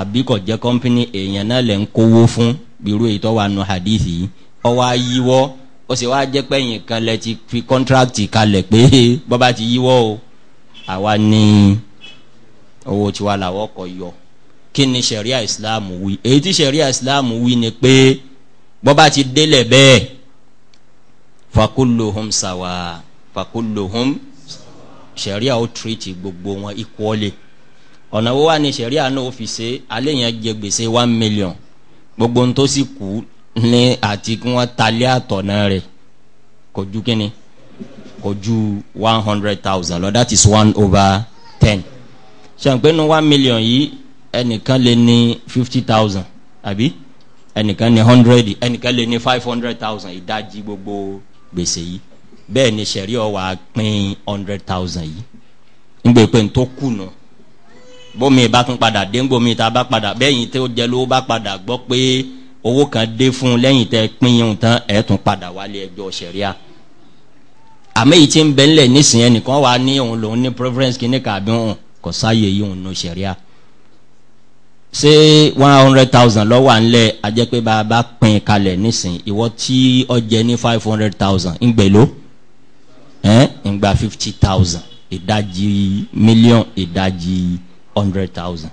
àbí kò jẹ́ company èèyàn náà lè ń kówó fún irú èyí tó wà nù hadithi yìí ọwọ́ ayíwọ́ ó sì wá jẹ́ pẹ́yìn kan lẹ ti fi contract kalẹ̀ pé bọ́ba ti yíwọ́ o àwa ni owó tiwa làwọ̀ kọ̀ yọ kí ni sẹ̀ríà islam wí èyí tí sẹ̀ríà islam wí ni pé bọ́ba ti délẹ̀ bẹ́ẹ̀ fakulluhum sawa fakulluhum sẹ̀ríà ó tírìtì gbogbo wọn equally ọ̀nà wo wà ní sẹ̀ríà náà fi ṣe alẹ́ yẹn jẹ gbèsè one million gbogbo ń tó sì kú ní àti kí wọ́n talẹ́ àtọ̀nà rẹ̀ kò kí ni kò one hundred thousand lọ that is one over ten ṣàǹpẹ́nu one million yìí ẹnìkan lè ní fifty thousand àbí ẹnìkan ní hundred ẹnìkan lè ní five hundred thousand ìdajì gbogbo gbèsè yìí bẹ́ẹ̀ ni sẹ̀rí ọ̀wà pín hundred thousand yìí ńgbè pé n tó kùnà bómi bá tún padà dé ńgbòmi tá a bá padà bẹ́yìn tó jẹ́ ló bá padà gbọ́ pé owó kan dé fún un lẹ́yìn tẹ́ pín yín tán ẹ̀ tún padà wálé ẹjọ́ sẹ̀ríà àmọ́ èyí tí ń bẹ́ńlẹ̀ nísìnyẹn nìkan wà ní òun lòun ní preference kìíní kàbí òun kò sáàyè yìí òun nù sẹ̀ríà. No ṣé one hundred thousand lọ́wọ́ à ń lẹ̀ ajẹ́ pé bá a bá pín kalẹ̀ nísìn ìwọ tí ọ jẹ ní five hundred thousand ń gbèlò ẹ̀ ń gba fifty thousand ìdajì mílíọ̀n ìdajì hundred thousand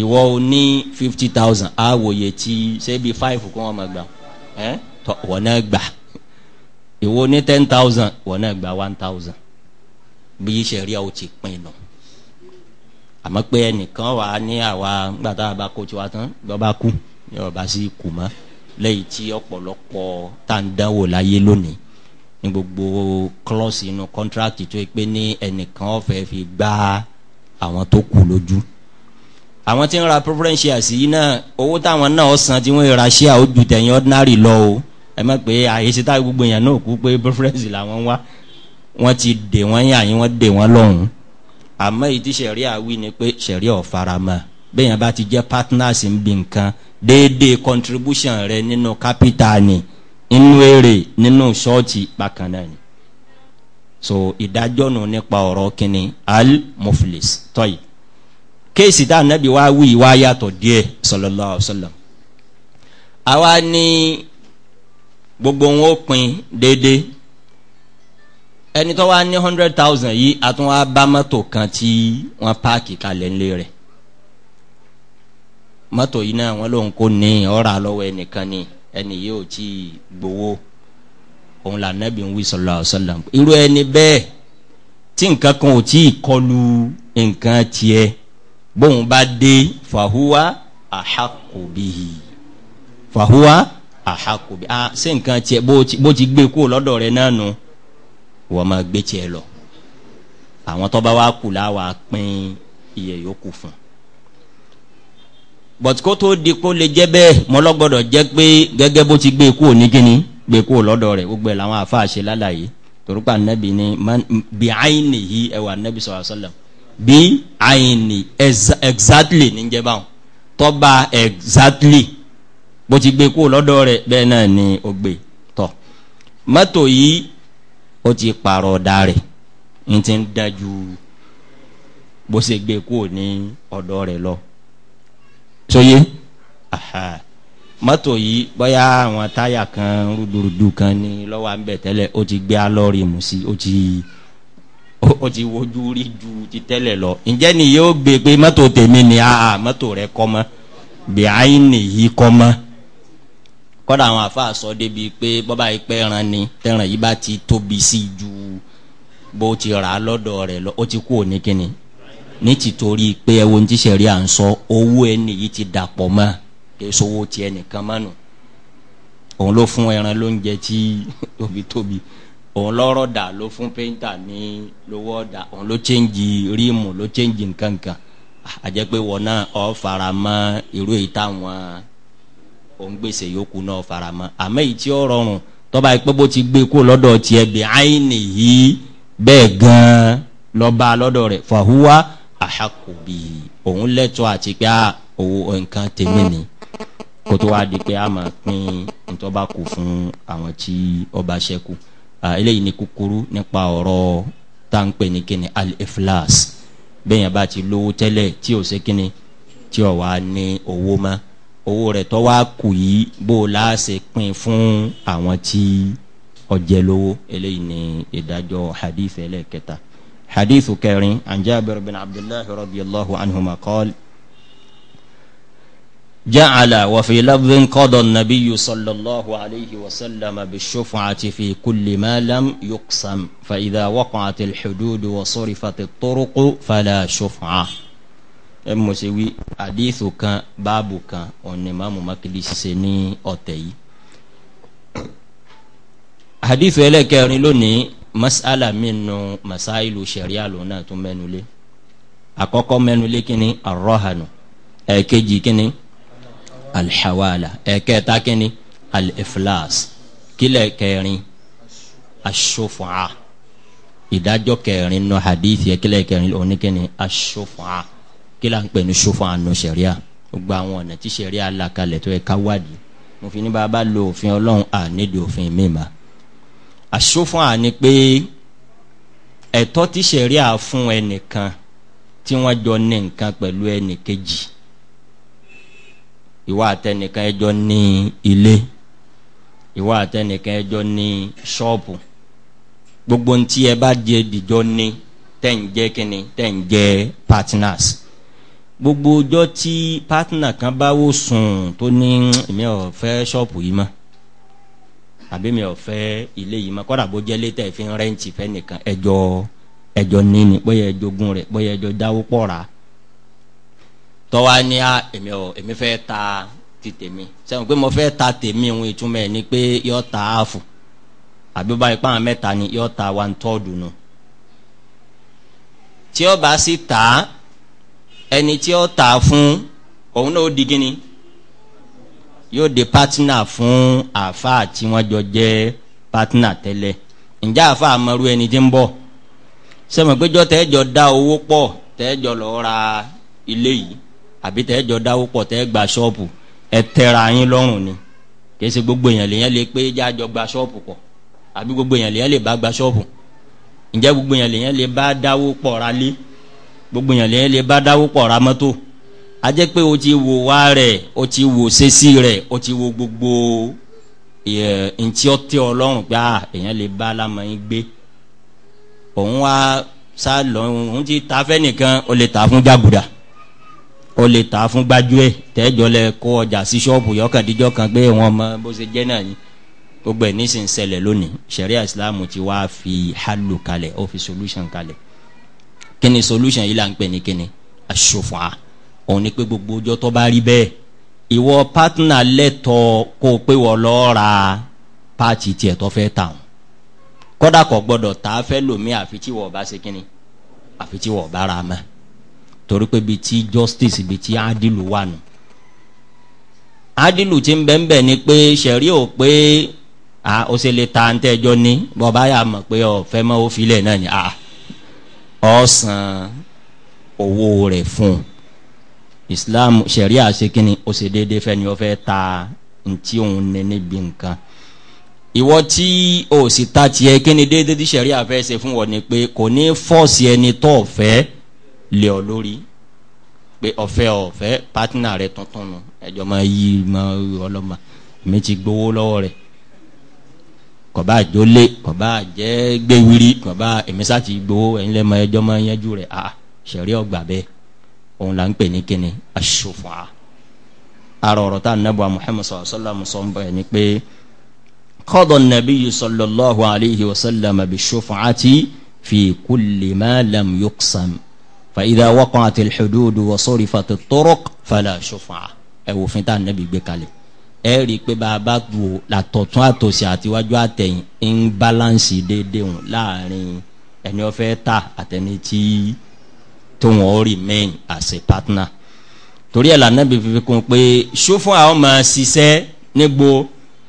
ìwọ ò ní fifty thousand á wòye tí ṣé bíi five kó wọn máa gbà ẹ̀ tọ́ wọn náà gbà ìwọ ní ten thousand wọn náà gbà one thousand bí ṣe rí ọ ti pín nù. No àmọ́ pé ẹnìkan wà ní àwa nígbà tá a bá kó tiwa tán lọ́ba kú ní ọba sí kù mọ́ lẹ́yìn tí ọ̀pọ̀lọpọ̀ tá à ń dánwò láyé lónìí ní gbogbo klọ́ọ̀sì inú kọ́ńtrákì tó pé ní ẹnìkan ọ̀fẹ́ fi gbá àwọn tó kù lójú àwọn tí ń ra preference shares yìí náà owó táwọn náà san tí wọ́n ra share ó ju tẹ̀yìn ordinary lọ o ẹ mọ̀ pé àyèsí tá gbogbo èèyàn náà kú pé preference làwọn wá wọ́n ti dè wọ́n yàn yín wọ́n dè wọ́n lọ́hùn-ún àmọ́ èyí tí sẹ̀rí àwí ni pé sẹ̀rí ọ̀farama bẹ́ẹ̀ bá ti jẹ́ partners ń bi nǹkan déédéé contribution rẹ nínú capital ni nínú èrè nínú ṣọ́ọ̀tì bákan náà ni so ìdájọ́ nù nípa ọ̀rọ̀ kínní al muflis tọ́yì kéèsì tá ànábì wá wí wá yàtọ̀ díẹ̀ sallallahu alaihi wasallam àwa ní gbogbo wọn ó pin déédéé ẹni tó wá ní hundred thousand yìí àtún wá bá mọ́tò kan tí wọ́n páàkì kalẹ̀ ńlẹ̀ rẹ̀ mọ́tò yìí náà wọ́n lòun kò ní ọ̀rà lọ́wọ́ ẹnìkan ni ẹni yìí ò tí ì gbowó òun là nẹ́bí ń wí sọlá ọ̀sọ́lá irú ẹni bẹ́ẹ̀ tí nǹkan kan ò tí ì kọlu nǹkan tiẹ̀ bóun bá dé fàhùwà àhàkùbìhì fàhùwà àhàkùbìhì ah ṣé nǹkan tiẹ̀ bó ti gbé kúrò lọ́dọ̀ rẹ̀ náà nù. No? wọ́n máa gbé tiẹ̀ lọ àwọn tó bá wá kù láwa pín iye yòókù fún bọ̀tíkó tó di kó lè jẹ́ bẹ́ẹ̀ mọ́lọ́gbọ́dọ̀ jẹ́ pé gẹ́gẹ́ bó ti gbé e kú òní kíni gbé e kú lọ́dọ̀ rẹ̀ gbogbo ẹ̀ làwọn àáfàá ṣe lálàyé torípa anabi ni bí àyìnì yìí ẹ wà anabi sọ̀rọ̀ sọ́lẹ̀ bí àyìnì exactly ní jẹ́ báwọn tọ́ba exactly bó ti gbé e kú lọ́dọ̀ rẹ̀ bẹ́ẹ̀ náà ni ó gbé tọ̀ mọ́tò yìí ó ti pààrọ̀ da rẹ̀ ní ti ń dájú bó ṣe gbé kúrò ní rẹ̀ lọ. sóyè mọ́tò yìí bóyá àwọn táyà kan rúdurùdu kan ní lọ́wọ́ àbẹ̀ tẹ́lẹ̀ ó ti gbé alọ́ọ̀rì mú sí ó ti ó ti wojú rí ju ti tẹ́lẹ̀ lọ. ǹjẹ́ ni yóò gbé pé mọ́tò tèmi ni mọ́tò rẹ kọ́ mọ́ àyìn nìyí kọ́ mọ́. kọ́dà àwọn àfáà sọ débi pé bọ́bá yìí ẹran ni tẹ̀ràn yìí bá ti tóbi sí ju bó ti rà á lọ́dọ̀ rẹ̀ lọ ó ti kú òní kíni ní tìtorí pé ẹ wo ní tíṣẹ̀rí à ń sọ owó ẹni yìí ti dàpọ̀ mọ́ èso owó tiẹ̀ nìkan mọ́nu òun ló fún ẹran lóúnjẹ tí tóbi (laughs) tóbi òun lọ́rọ̀ dà ló fún péńtà ní lówó ọ̀dà òun ló chẹ́ǹgì ríìmù ló chẹ́ǹgì nǹkan kan àjẹpẹ́ náà ọ̀ fara mọ́ irú òun gbèsè yòókù náà faramọ́ àmọ́ èyí tí ó rọrùn tọ́ba ìpẹ́ bó ti gbé kó lọ́dọ̀ tiẹ̀ bí àìní yìí bẹ́ẹ̀ gan-an lọ́ba lọ́dọ̀ rẹ̀ fàhùwà àhàkùbì òun lẹ́tọ̀ọ́ àti pé ah, owó nǹkan tèmi ni kó tó wá di pé a máa pín ntọ́ba kù fún àwọn tí ọba ṣẹ́kù eléyìí ni kúkúrú nípa ọ̀rọ̀ tá ní kíni al-iflas yẹn bá ti lówó tẹ́lẹ̀ tí ò ṣe kíni tí ò wá ní owó mọ́ owó rẹ̀ tó wá kù yìí bó o la ṣe pín fún àwọn tí ọjẹ lówó eléyìí ni ìdájọ́ hadith ẹlẹ́kẹta hadith kẹrin anjabir bin abdullahi radiyallahu anhuma qala. جعل وفي لفظ قضى النبي صلى الله عليه وسلم بالشفعة في كل ما لم يقسم فإذا وقعت الحدود وصرفت الطرق فلا شفعة ẹ mọ̀ ṣe wí àdíìsù kan báàbù kan ọ̀nà ìmáàmù mákìlì ṣe ní ọ̀tẹ̀ yìí. àdíìsù ẹlẹ́kẹrin lónìí masala minu masailu sharia lòun náà tún mẹ́nulé àkọ́kọ́ mẹ́nulé kínní arọ́hanu ẹ̀ẹ́kejì kínní alḥawala ẹ̀ẹ́kẹta kínní aliflas kílẹ̀ kẹrin asofua ìdájọ́ kẹrin nù hadithi ẹ̀kílẹ̀ kẹrin oníkínní asofua kila là ń pè ní ṣòfò àánú sẹ̀ríà gbogbo àwọn ọ̀nà tí sẹ̀ríà là kalẹ̀ tó yẹ ká wádìí mo fi ní bàbá lo òfin ọlọ́run à nídìí òfin mi mà àṣòfò àní pé ẹ̀tọ́ tí sẹ̀ríà fún ẹnìkan tí wọ́n jọ ní nǹkan pẹ̀lú ẹnìkejì ìwọ àtẹnìkan ẹjọ́ ní ilé ìwọ àtẹnìkan ẹjọ́ ní ṣọ́ọ̀bù gbogbo ntí ẹ bá di ẹdìjọ́ ní tẹ̀ ń jẹ́ kínní tẹ̀ ń jẹ́ partners gbogbo ọjọ́ tí pátínà kan bá wò sùn tó ní èmi ò fẹ́ ṣọ́ọ̀pù yìí mọ́ àbí mi fẹ́ ilé yìí mọ́ kọ́dà bó jẹ́ létà ìfi rẹ́ǹtì fẹ́ nìkan ẹjọ́ ẹjọ́ níní bóyá ẹjọ́ gun rẹ̀ bóyá ẹjọ́ dáwó pọ̀ rà ní à ah, èmi èmi fẹ́ ta ti tèmi sẹ́wọ̀n pé mo fẹ́ ta tèmi pé yọ ta àbí báyìí mẹ́ta ni yọ ta nù tí ẹni tí ó ta fún òun náà ó di gini yóò di pátínà fún àfa tí wọ́n jọ jẹ pátínà tẹ́lẹ̀ ǹjẹ́ àfa àmọ́rú ẹni tí ń bọ̀ sẹ́mi péjọ tẹ́jọ da owó pọ̀ tẹ́jọ lọ ra ilé yìí àbí da owó pọ̀ tẹ́ gba ṣọ́ọ̀pù ẹ tẹ́ra yín lọ́rùn ni kìí ṣe gbogbo èèyàn lèyàn lè pé jọ gba ṣọ́ọ̀pù pọ̀ àbí gbogbo èèyàn lèyàn lè bá gba ṣọ́ọ̀pù ǹjẹ́ gbogbo èèyàn lèyàn lè bá dáwó pọ̀ ra lé. gbogbo yẹn lẹ́yìn lè bá dáwó pọ̀ ra mọ́tò ajẹ́ pé o ti wo wá rẹ̀ o ti wo sẹ́sì rẹ̀ o ti wo gbogbo ntí ọ tẹ ọlọ́run pé a ah, èèyàn lè bá alámọ̀ yín gbé òun wá sá lọ òun ti ta fẹ́nìkan o lè ta fún jàgùdà o lè ta fún gbájúẹ̀ tẹ́jọ́ lẹ kó ọjà sí ṣọ́ọ̀bù yọkàndíjọ́ kan pé wọn mọ bó ṣe jẹ́ náà ni gbogbo ẹ̀ nísìnyí ṣẹlẹ̀ lónìí ṣẹ̀ríà ìsìlámù ti wá fi hálù kalẹ̀ ó fi solution kalẹ̀. kíni solution yìí là ń pè ní kíni aṣòfà ni pé gbogbo ọjọ́ tó bá rí bẹ́ẹ̀ ìwọ pátánà lẹ́tọ̀ọ́ kó o pé wọ́n ra páàtì tiẹ̀ tó fẹ́ tà wọ́n kódà kò gbọ́dọ̀ tà á fẹ́ lòmí àfi tí wọ́n bá kíni àfi tí wọ́n bá justice ti adilu wà nù adilu ti ń ni a ṣe ta ntẹ́jọ́ mọ̀ pé ọ fẹ́ mọ́ ni ọ̀sán owó rẹ̀ fún islam sẹ̀ríà ṣe kínni ó ṣe déédéé fẹ́ni ó fẹ́ ta ntí òun ní níbi nǹkan ìwọ tí o sì ta tiẹ̀ kínni déédéé tí sẹ̀ríà fẹ́ ṣe fún wọn ni pé kò ní fọ́ọ̀sì ẹni tó ọ̀fẹ́ lé ọ lórí pé ọ̀fẹ́ ọ̀fẹ́ pátínà rẹ tuntun nù ẹjọ́ máa yí ọlọ́mọ mi ti gbowó lọ́wọ́ rẹ̀ kọba àjọlé kọba àjẹ gbẹwìrì kọba èmísà ti gbowó ẹyin lẹ́mọ ẹjọ́ máa ń yanjú rẹ̀ ah sẹ̀rí ọgbà bẹ́ẹ̀ òun là ń pè ní kíni aṣòfà ara ọ̀rọ̀ tá a nàbọ̀ Muhammad sallallahu alayhi wa sallam sọ ń bọ̀ ẹ̀ ni pé qada an-nabiyyu sallallahu alayhi wa sallam bish-shuf'ati fi kulli ma lam fa idha waqa'ati al-hudud wa surifat at-turuq fala shuf'a ẹ̀ wòfin tá a gbé kalẹ̀ ẹ rí i pé bàbá wò látọ̀tún àtòsí àtiwájú àtẹ̀yìn ń bálánsì déédéé hùn láàrin ẹni ó ta àtẹni tí tóun ó remain as a partner torí ẹ̀ lànà bí fífi kún pé ṣófún àwọn máa ṣiṣẹ́ nígbò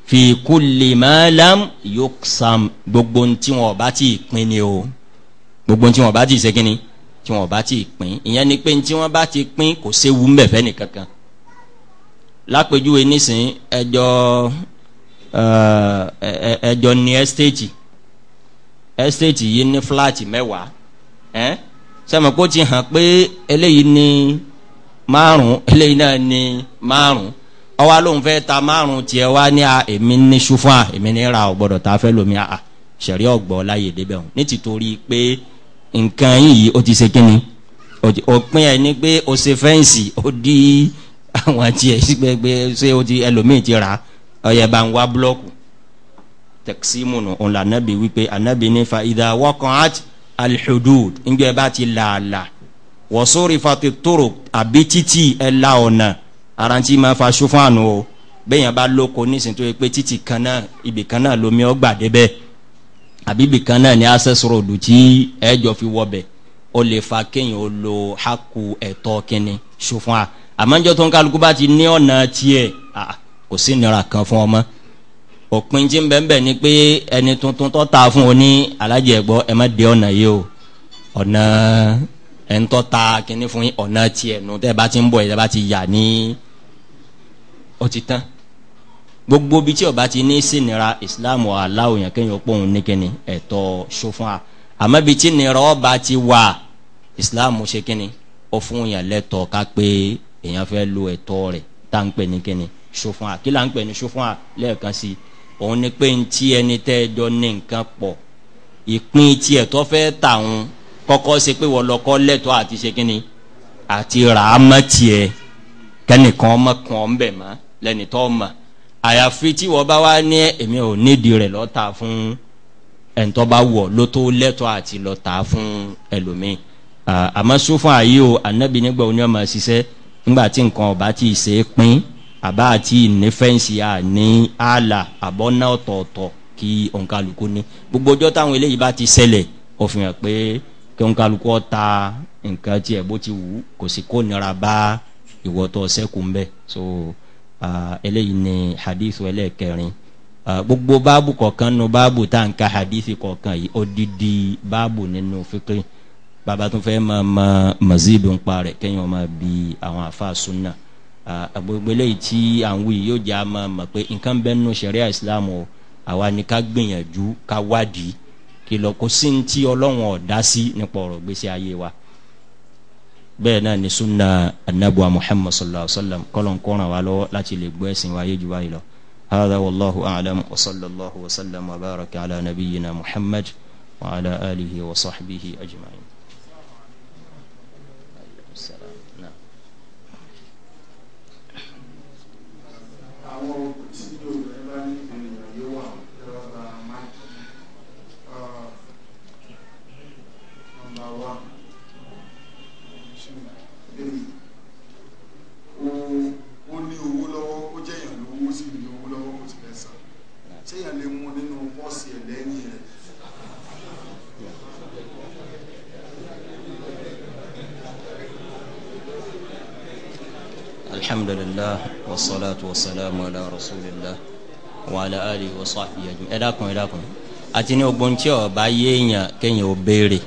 fi kulli ma lam yuqsam gbogbo tí wọn bá ti pín ni o gbogbo tí wọn bá ti ṣe kí ni tí wọn bá ti pín ìyẹn ni pé tí wọn bá ti pín kò séwu ń bẹ̀ fẹ́ nìkankan lápèjúwe nísìnyí ẹjọ eh, eh, eh, ẹjọ ní ẹstéètì ẹstéètì yìí ní fúláàtì mẹ́wàá ẹ sẹmọ kó ti hàn pé eléyìí ní márùn eléyìí náà ní márùn ọwọ́ lóun fẹ́ ta márùn tiẹ̀ wá ní a èmi ní ṣùfọ́n a èmi ní ra ò gbọ́dọ̀ ta fẹ́ lomi a sẹ̀rí ọ̀gbọ́ láyè débẹ̀ wọn ní tìtorí pé nǹkan yìí ó ti ṣe kínni òpin ẹ̀ ni pé o ṣe fẹ́ǹsì ó di àwọn tí ẹ sí gbẹgbẹ ṣé o ti ẹlòmíì ti ra ọyẹ bá ń wá búlọ́ọ̀kù tẹ̀símù nù ọ̀la anábì wípé anábì ní fa ìdá wọ́kàn áti alḥudud ǹjẹ́ bá ti làálà wọ́sọ́rì fati tóró àbí títì ẹ̀ ọ̀nà arántí máa fa ṣúfàánù o bẹ́ẹ̀ yẹn bá lóko nísìnyí tó yẹ pé títì kan náà ibì kan náà lomi ọgbà débẹ̀ àbí ibì kan náà ní access road tí ẹ̀ fi wọ́ bẹ̀ o lè fa kéèyàn lo haku ẹ̀tọ́ kínní ṣúfàánù àmọ́jọ́ tó ń kálukú bá ti ní ọ̀nà tiẹ̀ kò sí nira kan fún ọmọ òpin tí ń bẹ́ẹ̀ bẹ́ẹ̀ ni pé ẹni tuntun tó ta fún ọ ní alájẹ ẹ̀gbọ́ ẹ má dé ọ̀nà yìí o ọ̀nà ẹni tó ta kínní fún ọ̀nà tiẹ̀ nù tẹ́ bá ti ń bọ̀ ẹ bá ti yà ní ó ti tán gbogbo bí tí ó ti ní sínira Islam aláwọ̀ yẹn kéèyàn pòun ní kínní ẹ̀tọ́ sófún a àmọ́ bí tí nira ó ti wà Islam ṣe kínní ó fún yẹn lẹ́tọ̀ọ́ ká pé èèyàn fẹ́ lo ẹ̀tọ́ rẹ̀ tá ń pè ní kíni ṣòfún à kí là ń pè ní ṣòfún à lẹ́ẹ̀kan sí òun ni pé ntí ẹni tẹ́ ẹ jọ ní nǹkan pọ̀ ìpín tí ẹ̀tọ́ fẹ́ tàun kọ́kọ́ ṣe pé wọ́n lọ́kọ́ lẹ́tọ́ àti ṣe kíni àti rà á mọ́ tiẹ̀ kẹ́nìkan ọmọ kan ọ̀ ń bẹ̀ mọ́ lẹ́ni tó mọ̀ àyàfi tí wọ́n bá wá ní èmi ò nídìí rẹ̀ lọ́ta fún ẹ̀ńtọ́ bá wọ̀ ló tó lẹ́tọ́ àti lọ́ta fún ẹlòmíì àmọ́ sófin àyè o ànábì nígbà oníyàn máa ṣiṣẹ́ ńgbà tí nǹkan ọba ti ṣe é pín àbá àti ìnífẹ̀ǹsì àní àlà àbọ̀nà ọ̀tọ̀ọ̀tọ̀ kí òǹkàlùkù ní gbogbo ọjọ́ táwọn eléyìí bá ti ṣẹlẹ̀ ó pé kí òǹkàlùkù ta nǹkan tiẹ̀ bó ti wù kò sì kó nira bá ìwọ́tọ̀ sẹ́kùn bẹ́ẹ̀ so eléyìí ni hadith ẹlẹ́ẹ̀kẹrin gbogbo báàbù kọ̀ọ̀kan nu báàbù tá à ń ka hadith kọ̀ọ̀kan yìí odidi báàbù nínú fíkìrì bàbá tó fẹ́ máa ma mazidu ń pa rẹ̀ kéèyàn máa bi àwọn àfáà sunna gbogbo eléyìí tí à ń wí yóò jẹ́ àmọ́ mọ̀ pé nǹkan bẹ́ẹ̀ nínú sẹ̀ríà islam o àwa ni ká gbìyànjú ká wádìí kìlọ̀ kó sí ní tí ọlọ́run ọ̀dá sí nípa ọ̀rọ̀ gbèsè ayé wa bẹ́ẹ̀ náà ni sunna anabuwa muhammad sallallahu alaihi wa sallam kọ́lọ̀ ń kọ́ràn wa lọ́wọ́ láti lè gbọ́ ẹ̀sìn wa yé ju báyìí lọ. هذا والله أعلم وصلى الله وسلم وبارك على نبينا محمد وعلى آله وصحبه أجمعين àwọn òkú tí yorùbá bá ní ènìyàn yóò wà ẹ̀rọ bá máa nọ́mbà wa lẹ́yìn ó ní owó lọ́wọ́ ó jẹ́yàn lówó ó sì ní owó lọ́wọ́ kò sì fẹ́ san ṣéyàn lè mú nínú pọ́ọ̀sì ẹ̀ lẹ́yìn rẹ̀. الحمد لله والصلاة والسلام على رسول الله وعلى آله وصحبه أجمعين ẹ̀dàkùn ẹ̀dàkùn àti ní ogun tí ó bá yéèyàn kéèyàn ó béèrè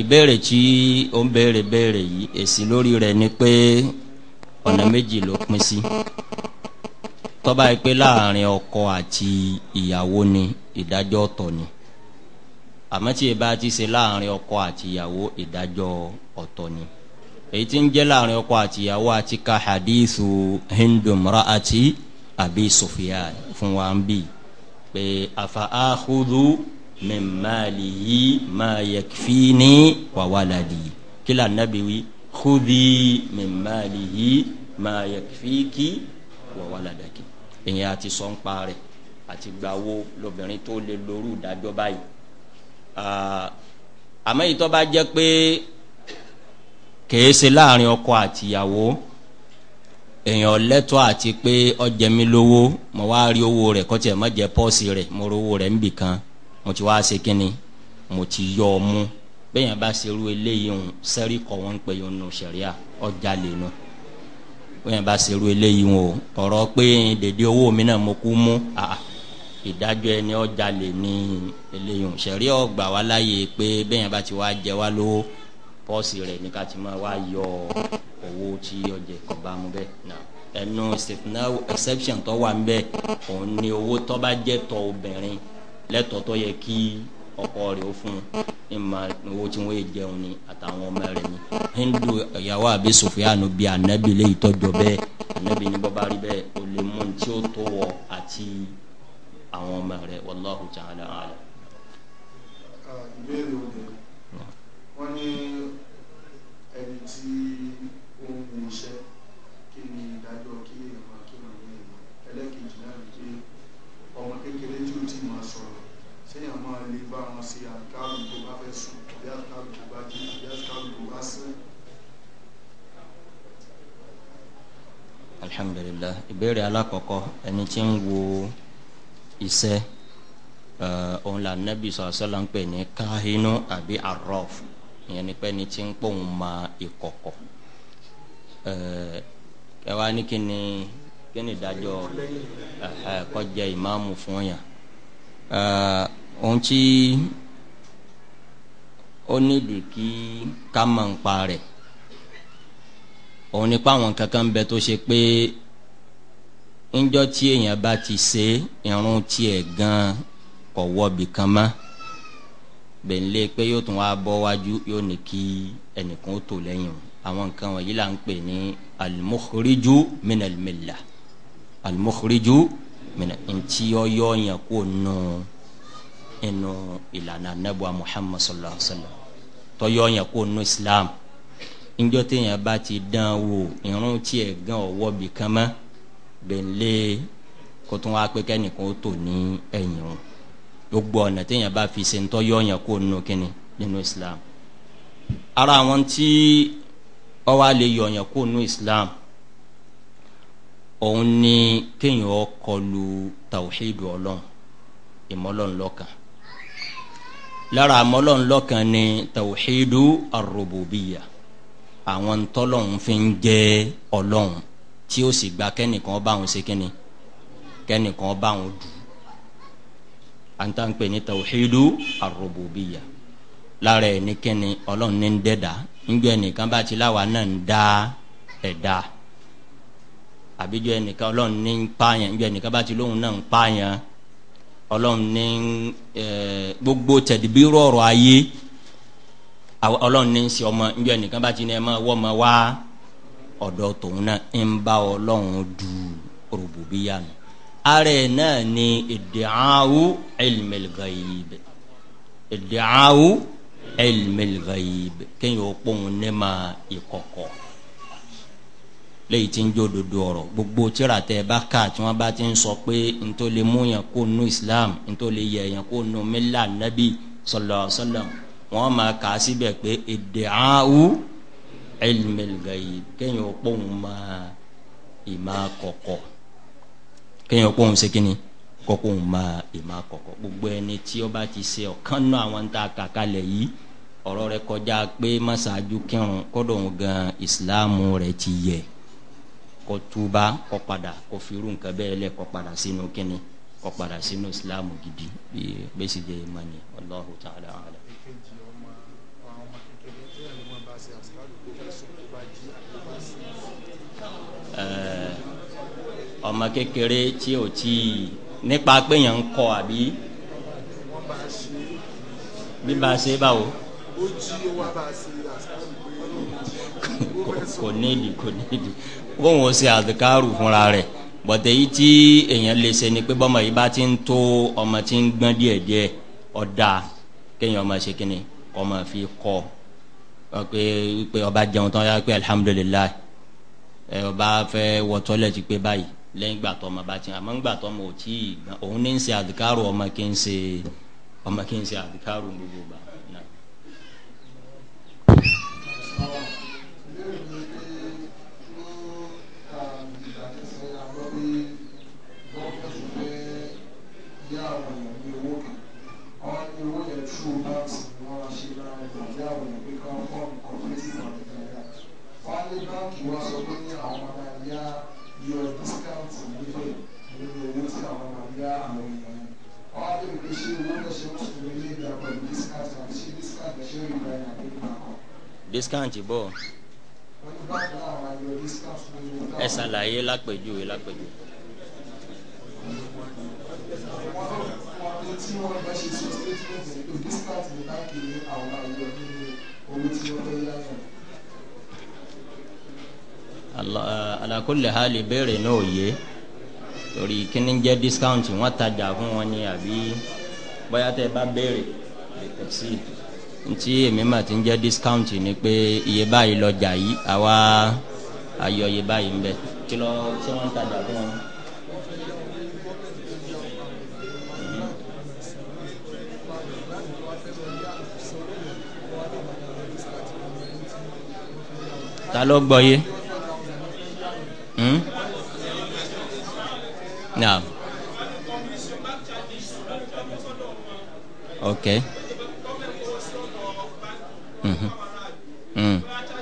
ìbéèrè tí ó ń béèrè béèrè yìí èsì lórí rẹ̀ ni pé ọ̀nà méjì ló pín sí tó bá yìí pé láàrin ọkọ àti ìyàwó ni ìdájọ́ ọ̀tọ̀ ni àmọ́ tí ẹ bá ti ṣe láàrin ọkọ àti ìyàwó ìdájọ́ ọ̀tọ̀ ni èyí tí ń jẹ́ láàrin ọkọ àtìyàwó àti ka hadithu hindu mraati abi sufyan fún wa ń bì pé afa akhudhu min malihi ma yakfini wa waladi kí la nabi wí khudhi min malihi ma yakfiki wa waladaki ìyẹn àti sọ ń pa àti gba owó lóbìnrin tó lè lóru ìdájọ́ báyìí àmọ́ ìtọ́ bá jẹ́ pé kèé ṣe láàrin ọkọ àtìyàwó èèyàn lẹ́tọ́ àti pé ọjẹ̀mí lówó mo wá rí owó rẹ̀ kọ́tì ẹ̀ má jẹ́ pọ́ọ̀sì rẹ̀ mo rówó rẹ̀ níbì kan mo ti wá ṣe kínni mo ti yọ ọ mú bẹ́ẹ̀ yẹn bá ṣerú eléyìí ń sẹ́rí kọ́ wọn ń pè yín nù sẹ̀ríà ọjà lè nù bẹ́ẹ̀ yẹn bá ṣerú eléyìí ń o ọ̀rọ̀ pé dèdè owó mi náà mo kú mú ìdájọ́ ẹni ọjà lè eléyìí ń sẹ̀ríà ọgbà wá láyè pé bẹ́ẹ̀ yẹn bá ti wá jẹ wá lówó pọ́ọ̀sì rẹ̀ ní ká ti máa wá yọ owó tí ọjà kò bá mu bẹ́ẹ̀ náà ẹnu ìsìnkúná exception tó wà ń bẹ òun ni owó tó bá jẹ́ tọ obìnrin lẹ́tọ̀ọ́ tó kí ọkọ rẹ̀ ó fún ní ma owó tí wọ́n yé jẹun ni àtàwọn ọmọ rẹ̀ ni hindu ìyàwó àbí sofiyanu bíi anabi lè tọjọ bẹ́ẹ̀ anabi ní bọba rí bẹ́ẹ̀ o lè mú tí ó tó wọ àti àwọn ọmọ rẹ̀ wallahu ta'ala àlẹ. ìbéèrè òde wọ́n ní ẹni tí ó ń mú iṣẹ́ kí ni ìdájọ́ kí èèyàn kí wọ́n ní èèyàn ẹlẹ́kejì náà ni pé ọmọ kékeré tí ó ti máa sọ̀rọ̀ séèyàn máa lè bá wọn ṣe àkáàlù tó bá fẹ́ sùn àbí àkáàlù tó bá jí àbí àkáàlù tó bá sẹ́. alhamdulillah ìbéèrè alákọ̀ọ́kọ́ ẹni tí ń wo iṣẹ́ eh, òun là nẹ́bí sọ̀rọ̀ sọ́la ń pè ní káhínú àbí arọ́fù ìyẹn ni pé ní tí ń pòun ma ìkọ̀kọ̀ ẹ wá ní kí ni kí ni ìdájọ́ kọjá ìmáàmù fún yàn ohun tí ó nídìí kí ká mọ̀ ń pa rẹ̀ òun ni pé àwọn kankan ń bẹ tó ṣe pé ńjọ́ tí èèyàn bá ti ṣe irun tiẹ̀ gan kọ̀ wọ́bì kan mọ́ bẹ̀ńlẹ̀ pé yóò tún wá bọ́ wájú yóò ní kí ẹnìkan ó tò lẹ́yìn o àwọn nǹkan wọ̀nyí là ń pè ní al-mukhriju min al-millah al-mukhriju min ntí ọyọ yẹn kó nù inú ìlànà anabuwa muhammad sallallahu alaihi wa sallam tọyọ yẹn kó nù islam njọ téèyàn bá ti dán wò irun tiẹ̀ gan ọwọ́ bìkan mọ́ bẹ̀ńlẹ̀ kó tún wá pé kẹ́nìkan ó tò ní ẹ̀yìn o gbogbo ọ̀nà téèyàn bá fi ṣe ń tọ́ yọ ọ̀yàn kó nínú kínní nínú islam ara àwọn tí ó wá lè yọ ọ̀yàn kó nínú islam òun ni kéèyàn kọlu tawhid ọlọ́run ìmọ̀lọ́nlọ́kan lára ìmọ̀lọ́nlọ́kan ni tawhidu arrububiya àwọn tọ́lọ́hún fi ń jẹ́ ọlọ́run tí ó sì gba kẹ́nìkan báwọn ṣe kínní kẹ́nìkan báwọn dù anta ń pè ní lare arububiyya lára ẹ̀ ní kíni ọlọ́run ní ń la ńgbẹ́ nìkan bá ti láwa náà ń dá ẹ̀dá àbíjọ ẹnìkan ọlọ́run ní ń pààyàn ńgbẹ́ nìkan bá ti lóhun náà ń pààyàn ọlọ́run ní gbogbo tẹ̀díbírọ̀ ọ̀rọ̀ ayé ọlọ́run ní ń ṣe ọmọ ńgbẹ́ nìkan bá ti ní ẹ máa wọ́ ọmọ wá ọ̀dọ̀ du rububiyya nù ara ẹ̀ náà ni ìdìcáwó ẹlmẹlgayib ìdìcáwó ẹlmẹlgayib kéèyàn ó pòun ní ma ìkọ̀kọ̀ léyìí tí ń jó dodo ọ̀rọ̀ gbogbo tíra tẹ bá kà tí wọ́n bá ti ń sọ pé ntọ́ lè mú yẹn kó nu islam ntọ́ lè yẹ yẹn kó nu mílà nabi sọlọ sọlọ wọ́n máa kà á síbẹ̀ pé ìdìcáwó ẹlmẹlgayib kéèyàn ó pòun ma ìmà kọ̀kọ̀. kéèyàn kó òun ṣe kínni kọ́kọ́ òun máa ìmọ̀ àkọ́kọ́ gbogbo ẹni tí ó bá ti ṣe ọ̀kan náà àwọn tá a kà kalẹ̀ yìí ọ̀rọ̀ rẹ kọjá pé mọ́ṣáájú kírun kọ́dọ̀ òun gan ìsìláàmù rẹ̀ ti yẹ kó túbá kó padà kó firu nǹkan bẹ́ẹ̀ lẹ̀ kó padà sínú kínní kó padà sínú ìsìláàmù gidi bí bẹ́sì jẹ́ ìmọ̀ ni Allahu ta'ala ala. ẹ̀ẹ́ ọmọ kékeré tí ò tí ì nípa pé yẹn ń kọ àbí bíbá ṣe báwo. kò nídìí kò nídìí bóun ó ṣe àdìkárù fúnra rẹ̀ bọ̀dé yìí tí èèyàn lè ṣe ni pé bọ́mọ yìí bá ti ń tó ọmọ tí ń gbọ́n díẹ̀díẹ̀ ọ̀dà kéèyàn ọmọ ṣe kínni ọmọ fi kọ́ pé pé ọba jẹun tán yá pé alihamudulilayi ọba fẹ́ wọ tọ́lẹ̀ ti pé báyìí lẹ́yìn gbà tọ́ ọmọ bá ti àmọ́ ń gbà tọ́ ọmọ ò tí ì òun ní ń ṣe àdìkárò ọmọ kí ń ṣe àdìkárò gbogbo gbà. discount bọ̀ ẹ ṣàlàyé lápèjúwe lápèjúwe. tí wọ́n bá ṣe sọ statement pé discount ní káàkiri àwọn àyọ̀ nínú owó tí wọ́n fẹ́ yáyàn. ala kulli hali ìbéèrè náà yé torí kíní jẹ́ discount wọ́n tajà fún wọn ni àbí bóyá tẹ́ bá béèrè lè tẹ̀sí ntí èmi mà ti ń jẹ́ discount ni pé iye báyìí lọ́jà yìí àwa ayọ̀ iye báyìí ń bẹ kí lọ tí wọ́n ń tajà fún wọn. Mhm. ta ló gbọ́ yé naam hmm? ok. Mm-hmm. Mm-hmm. Mm-hmm.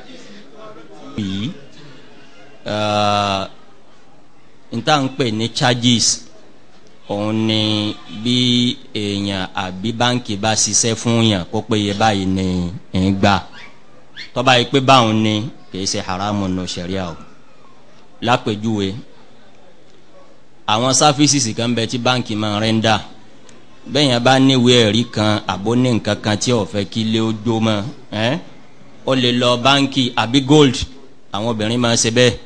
yìí uh, n ta n pè ní charges òun ni bí èèyàn àbí báńkì bá ṣiṣẹ́ fún yàn kó péye báyìí ni ń gbà tọ́ba yìí pé báwọn ni kìí ṣe haramu nù sẹ̀ríà o lápèjúwe àwọn sáfíìsì kan bẹ tí báńkì máa ń rẹ́ńdà bẹ́yàn bá níwèé ẹ̀rí kan àbó ní nǹkan kan tí ó fẹ́ kí lé ó jó mọ́ ẹ́ ó lè lọ báńkì àbí gold àwọn obìnrin máa ń ṣe bẹ́ẹ̀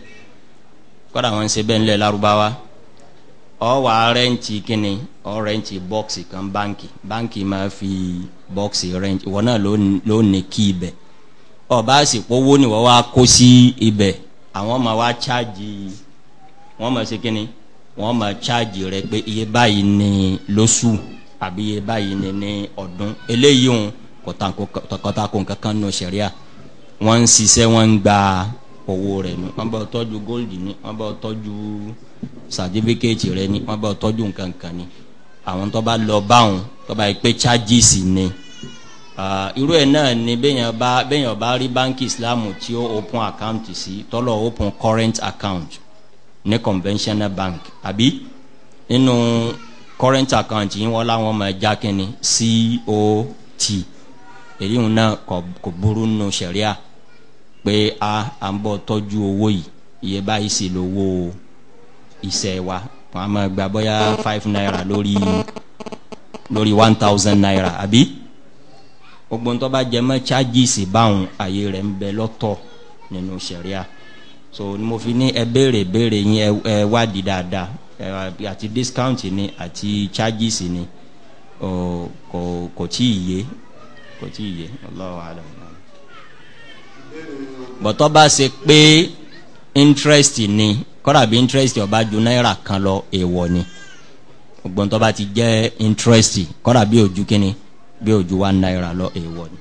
kọ́dà wọ́n ń ṣe bẹ́ẹ̀ ńlẹ̀ lárúbáwá ọ wà rẹ́ǹtì kínni ọ rẹ́ǹtì bọ́ọ̀sì kan báńkì báńkì máa fi bọ́ọ̀sì rẹ́ǹtì ìwọ náà ló ní kí ibẹ̀ ọba àsìkò owó ni wọ́n wá kó sí ibẹ̀ àwọn máa wá cháàjì wọ́n máa ṣe kínni wọ́n máa cháàjì rẹ pé iye báyìí ni lóṣù àbí iye báyìí ni ní ọdún eléyìí òun kọ̀tàkó nǹkan kan nù sẹ̀ríà wọ́n ń ṣiṣẹ́ wọ́n ń gba owó rẹ̀ ni wọ́n bá tọ́jú gold ni wọ́n bá tọ́jú certificate rẹ̀ ni wọ́n bá tọ́jú nǹkan ni àwọn tó bá lọ báwọn tó bá yẹ pé charges ni irú ẹ̀ náà ni bẹ́yàn bá rí báńkì islam tí ó open account sí tọ́lọ̀ open current account ní conventional bank àbí nínú current account yìí wọ́n láwọn máa já kínní COT èyí ń náà kò burú nù sẹ̀ríà pé a à ń bọ̀ tọ́jú owó yìí iye báyìí sì lówó iṣẹ́ wa wọ́n á máa bóyá five naira lórí lórí one thousand naira àbí gbogbo ntọ́ bá jẹ mọ́ charges báwọn àyè rẹ̀ ń bẹ lọ́tọ̀ nínú sẹ̀ríà so ni mo fi ní ẹ béèrè béèrè yín ẹ wádìí dáadáa Eh, àti discount ni àti charges ni kò kò tí ì yé kò tí ì yé Allahu alam. bọ̀tọ́ bá ṣe pé interest ni kọ́dà bí interest ọba ju náírà kan lọ èèwọ̀ ni gbọ̀ntọ́ bá ti jẹ́ interest kọ́dà bí ojú kínní bí ojú wa náírà lọ èèwọ̀ ni.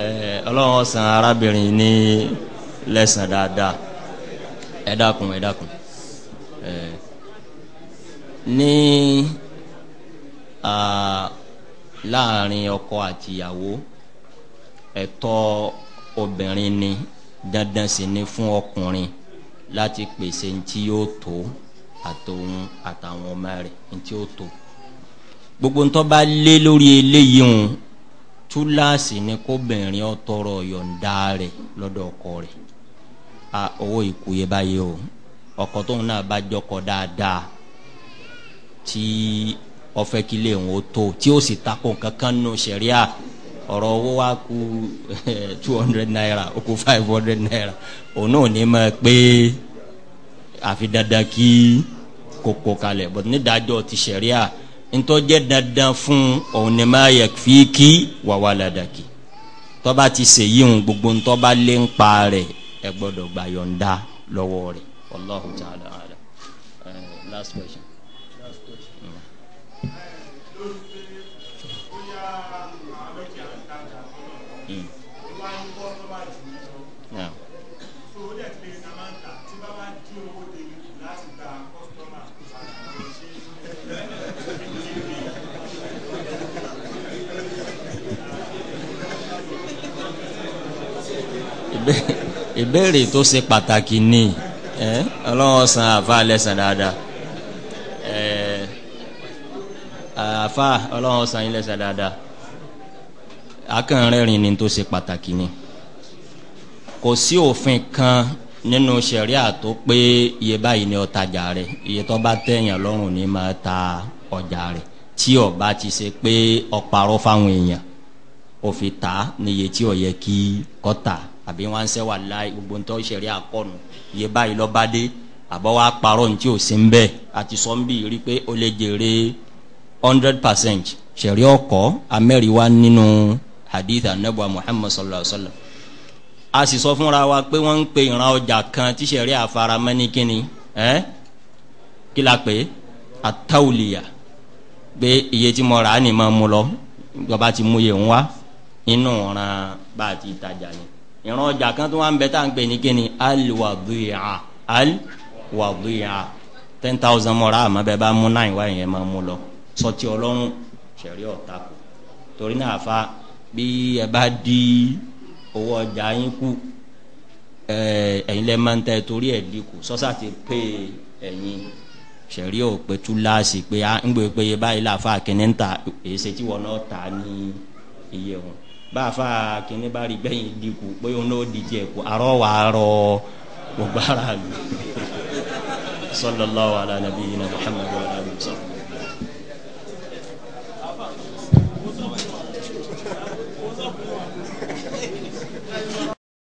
Eh, ọlọ́run san arábìnrin ní lẹ́sàn dáadáa ẹ dákun ẹ dákun eh, ní ah, láàrin ọkọ àti ìyàwó ẹ̀tọ́ obìnrin ni dandan sì ni fún ọkùnrin láti pèsè ntí yóò tó àtòun àtàwọn ọmọ rẹ̀ ntí ó tó gbogbo ntọ́ bá lé lórí eléyìí hùn túláàsì ni kóbìnrin ó tọrọ yọ̀ǹda rẹ̀ lọ́dọ̀ ọkọ rẹ̀ a owó ìkúyè báyìí o ọkọ tóun náà bá jọkọ dáadáa tí ọfẹ kí lè wọn tó tí ó sì takò kankan nù sẹríà ọ̀rọ̀ owó wa kú eh, two hundred naira ó ku five hundred naira òun náà ní ma pé àfi dandan kí. Koko kalẹ̀ bọ̀ nídàájọ́ ti sẹ̀ríà ntọ́jẹ́ dandan fún òun ni máa yẹ fi kí wàwá ladàkì tọ́ba ti sèyí ń gbogbo ntọ́ba lé ń pa ẹ gbọ́dọ̀ gbàyọ̀ǹda lọ́wọ́ rẹ̀ Allahu ta'ala. Uh, last question. ìbéèrè tó se pàtàkì ni ọlọ́wọ́ san àfa lẹ́sàn dáadáa àfa ọlọ́wọ́ san yín lẹ́sàn dáadáa akànrẹ́rìn ni tó se pàtàkì ni kò sí òfin kan nínú sẹ̀ríà tó pé iye báyìí ni ọ̀tajà rẹ̀ iye tó bá tẹ̀yàn lọ́rùn ni máa ta ọjà rẹ̀ tí ó ti ṣe pé ó fáwọn èèyàn ó fi tà á tí ó yẹ kí kó tà àbí wọn ń sẹ́ wà láì gbogbo ntọ́ ìṣẹ̀rí àkọ́nu iye báyìí lọ́ọ́ bá dé àbọ̀ wá parọ́ ní ò sí ń bẹ́ẹ̀ àti sọ ń rí pé ó lè jèrè hundred percent ṣẹ̀rí ọkọ̀ amẹ́rìíwá nínú hadith anabuwa muhammad sallallahu alaihi wa sallam a sì sọ fúnra wa pé wọ́n ń pe ìran ọjà kan tí ṣẹ̀rí àfaramọ́ ní kíni ẹ́ kí la pè é atawuliya pé iye tí mo rà á ní máa mú lọ ìjọba ti mú iye ń wá inú ọ̀ràn bá a ti tajà ni ìran ọjà kan tó wà ń bẹ tá à ń pè ní kíni alwadhi'a alwadhi'a ten thousand mọ́ra àmọ́ bẹ́ẹ̀ bá mú náà wáyé yẹn máa mú lọ sọtí ọlọ́run ṣẹ̀rí ọ̀tá kù torí náà fa bí ẹ bá di owó ọjà yín kù ẹ̀yin lẹ́ máa ń tẹ́ torí ẹ̀ dín kù ti pè ẹ̀yin sẹ̀rí ò pé túláàsì pé à ń gbé pé báyìí láfa kìíní ta èyí ṣe tí wọn náà ta ní iye wọn báfa kìnìún bá rí gbẹ̀yìn dikù pé òun náà di tiẹ̀ kù arọ́ wà á rọ gbogbo ara mi (laughs) sallallahu ala nabiyina muhammadu alayhi wa sallam.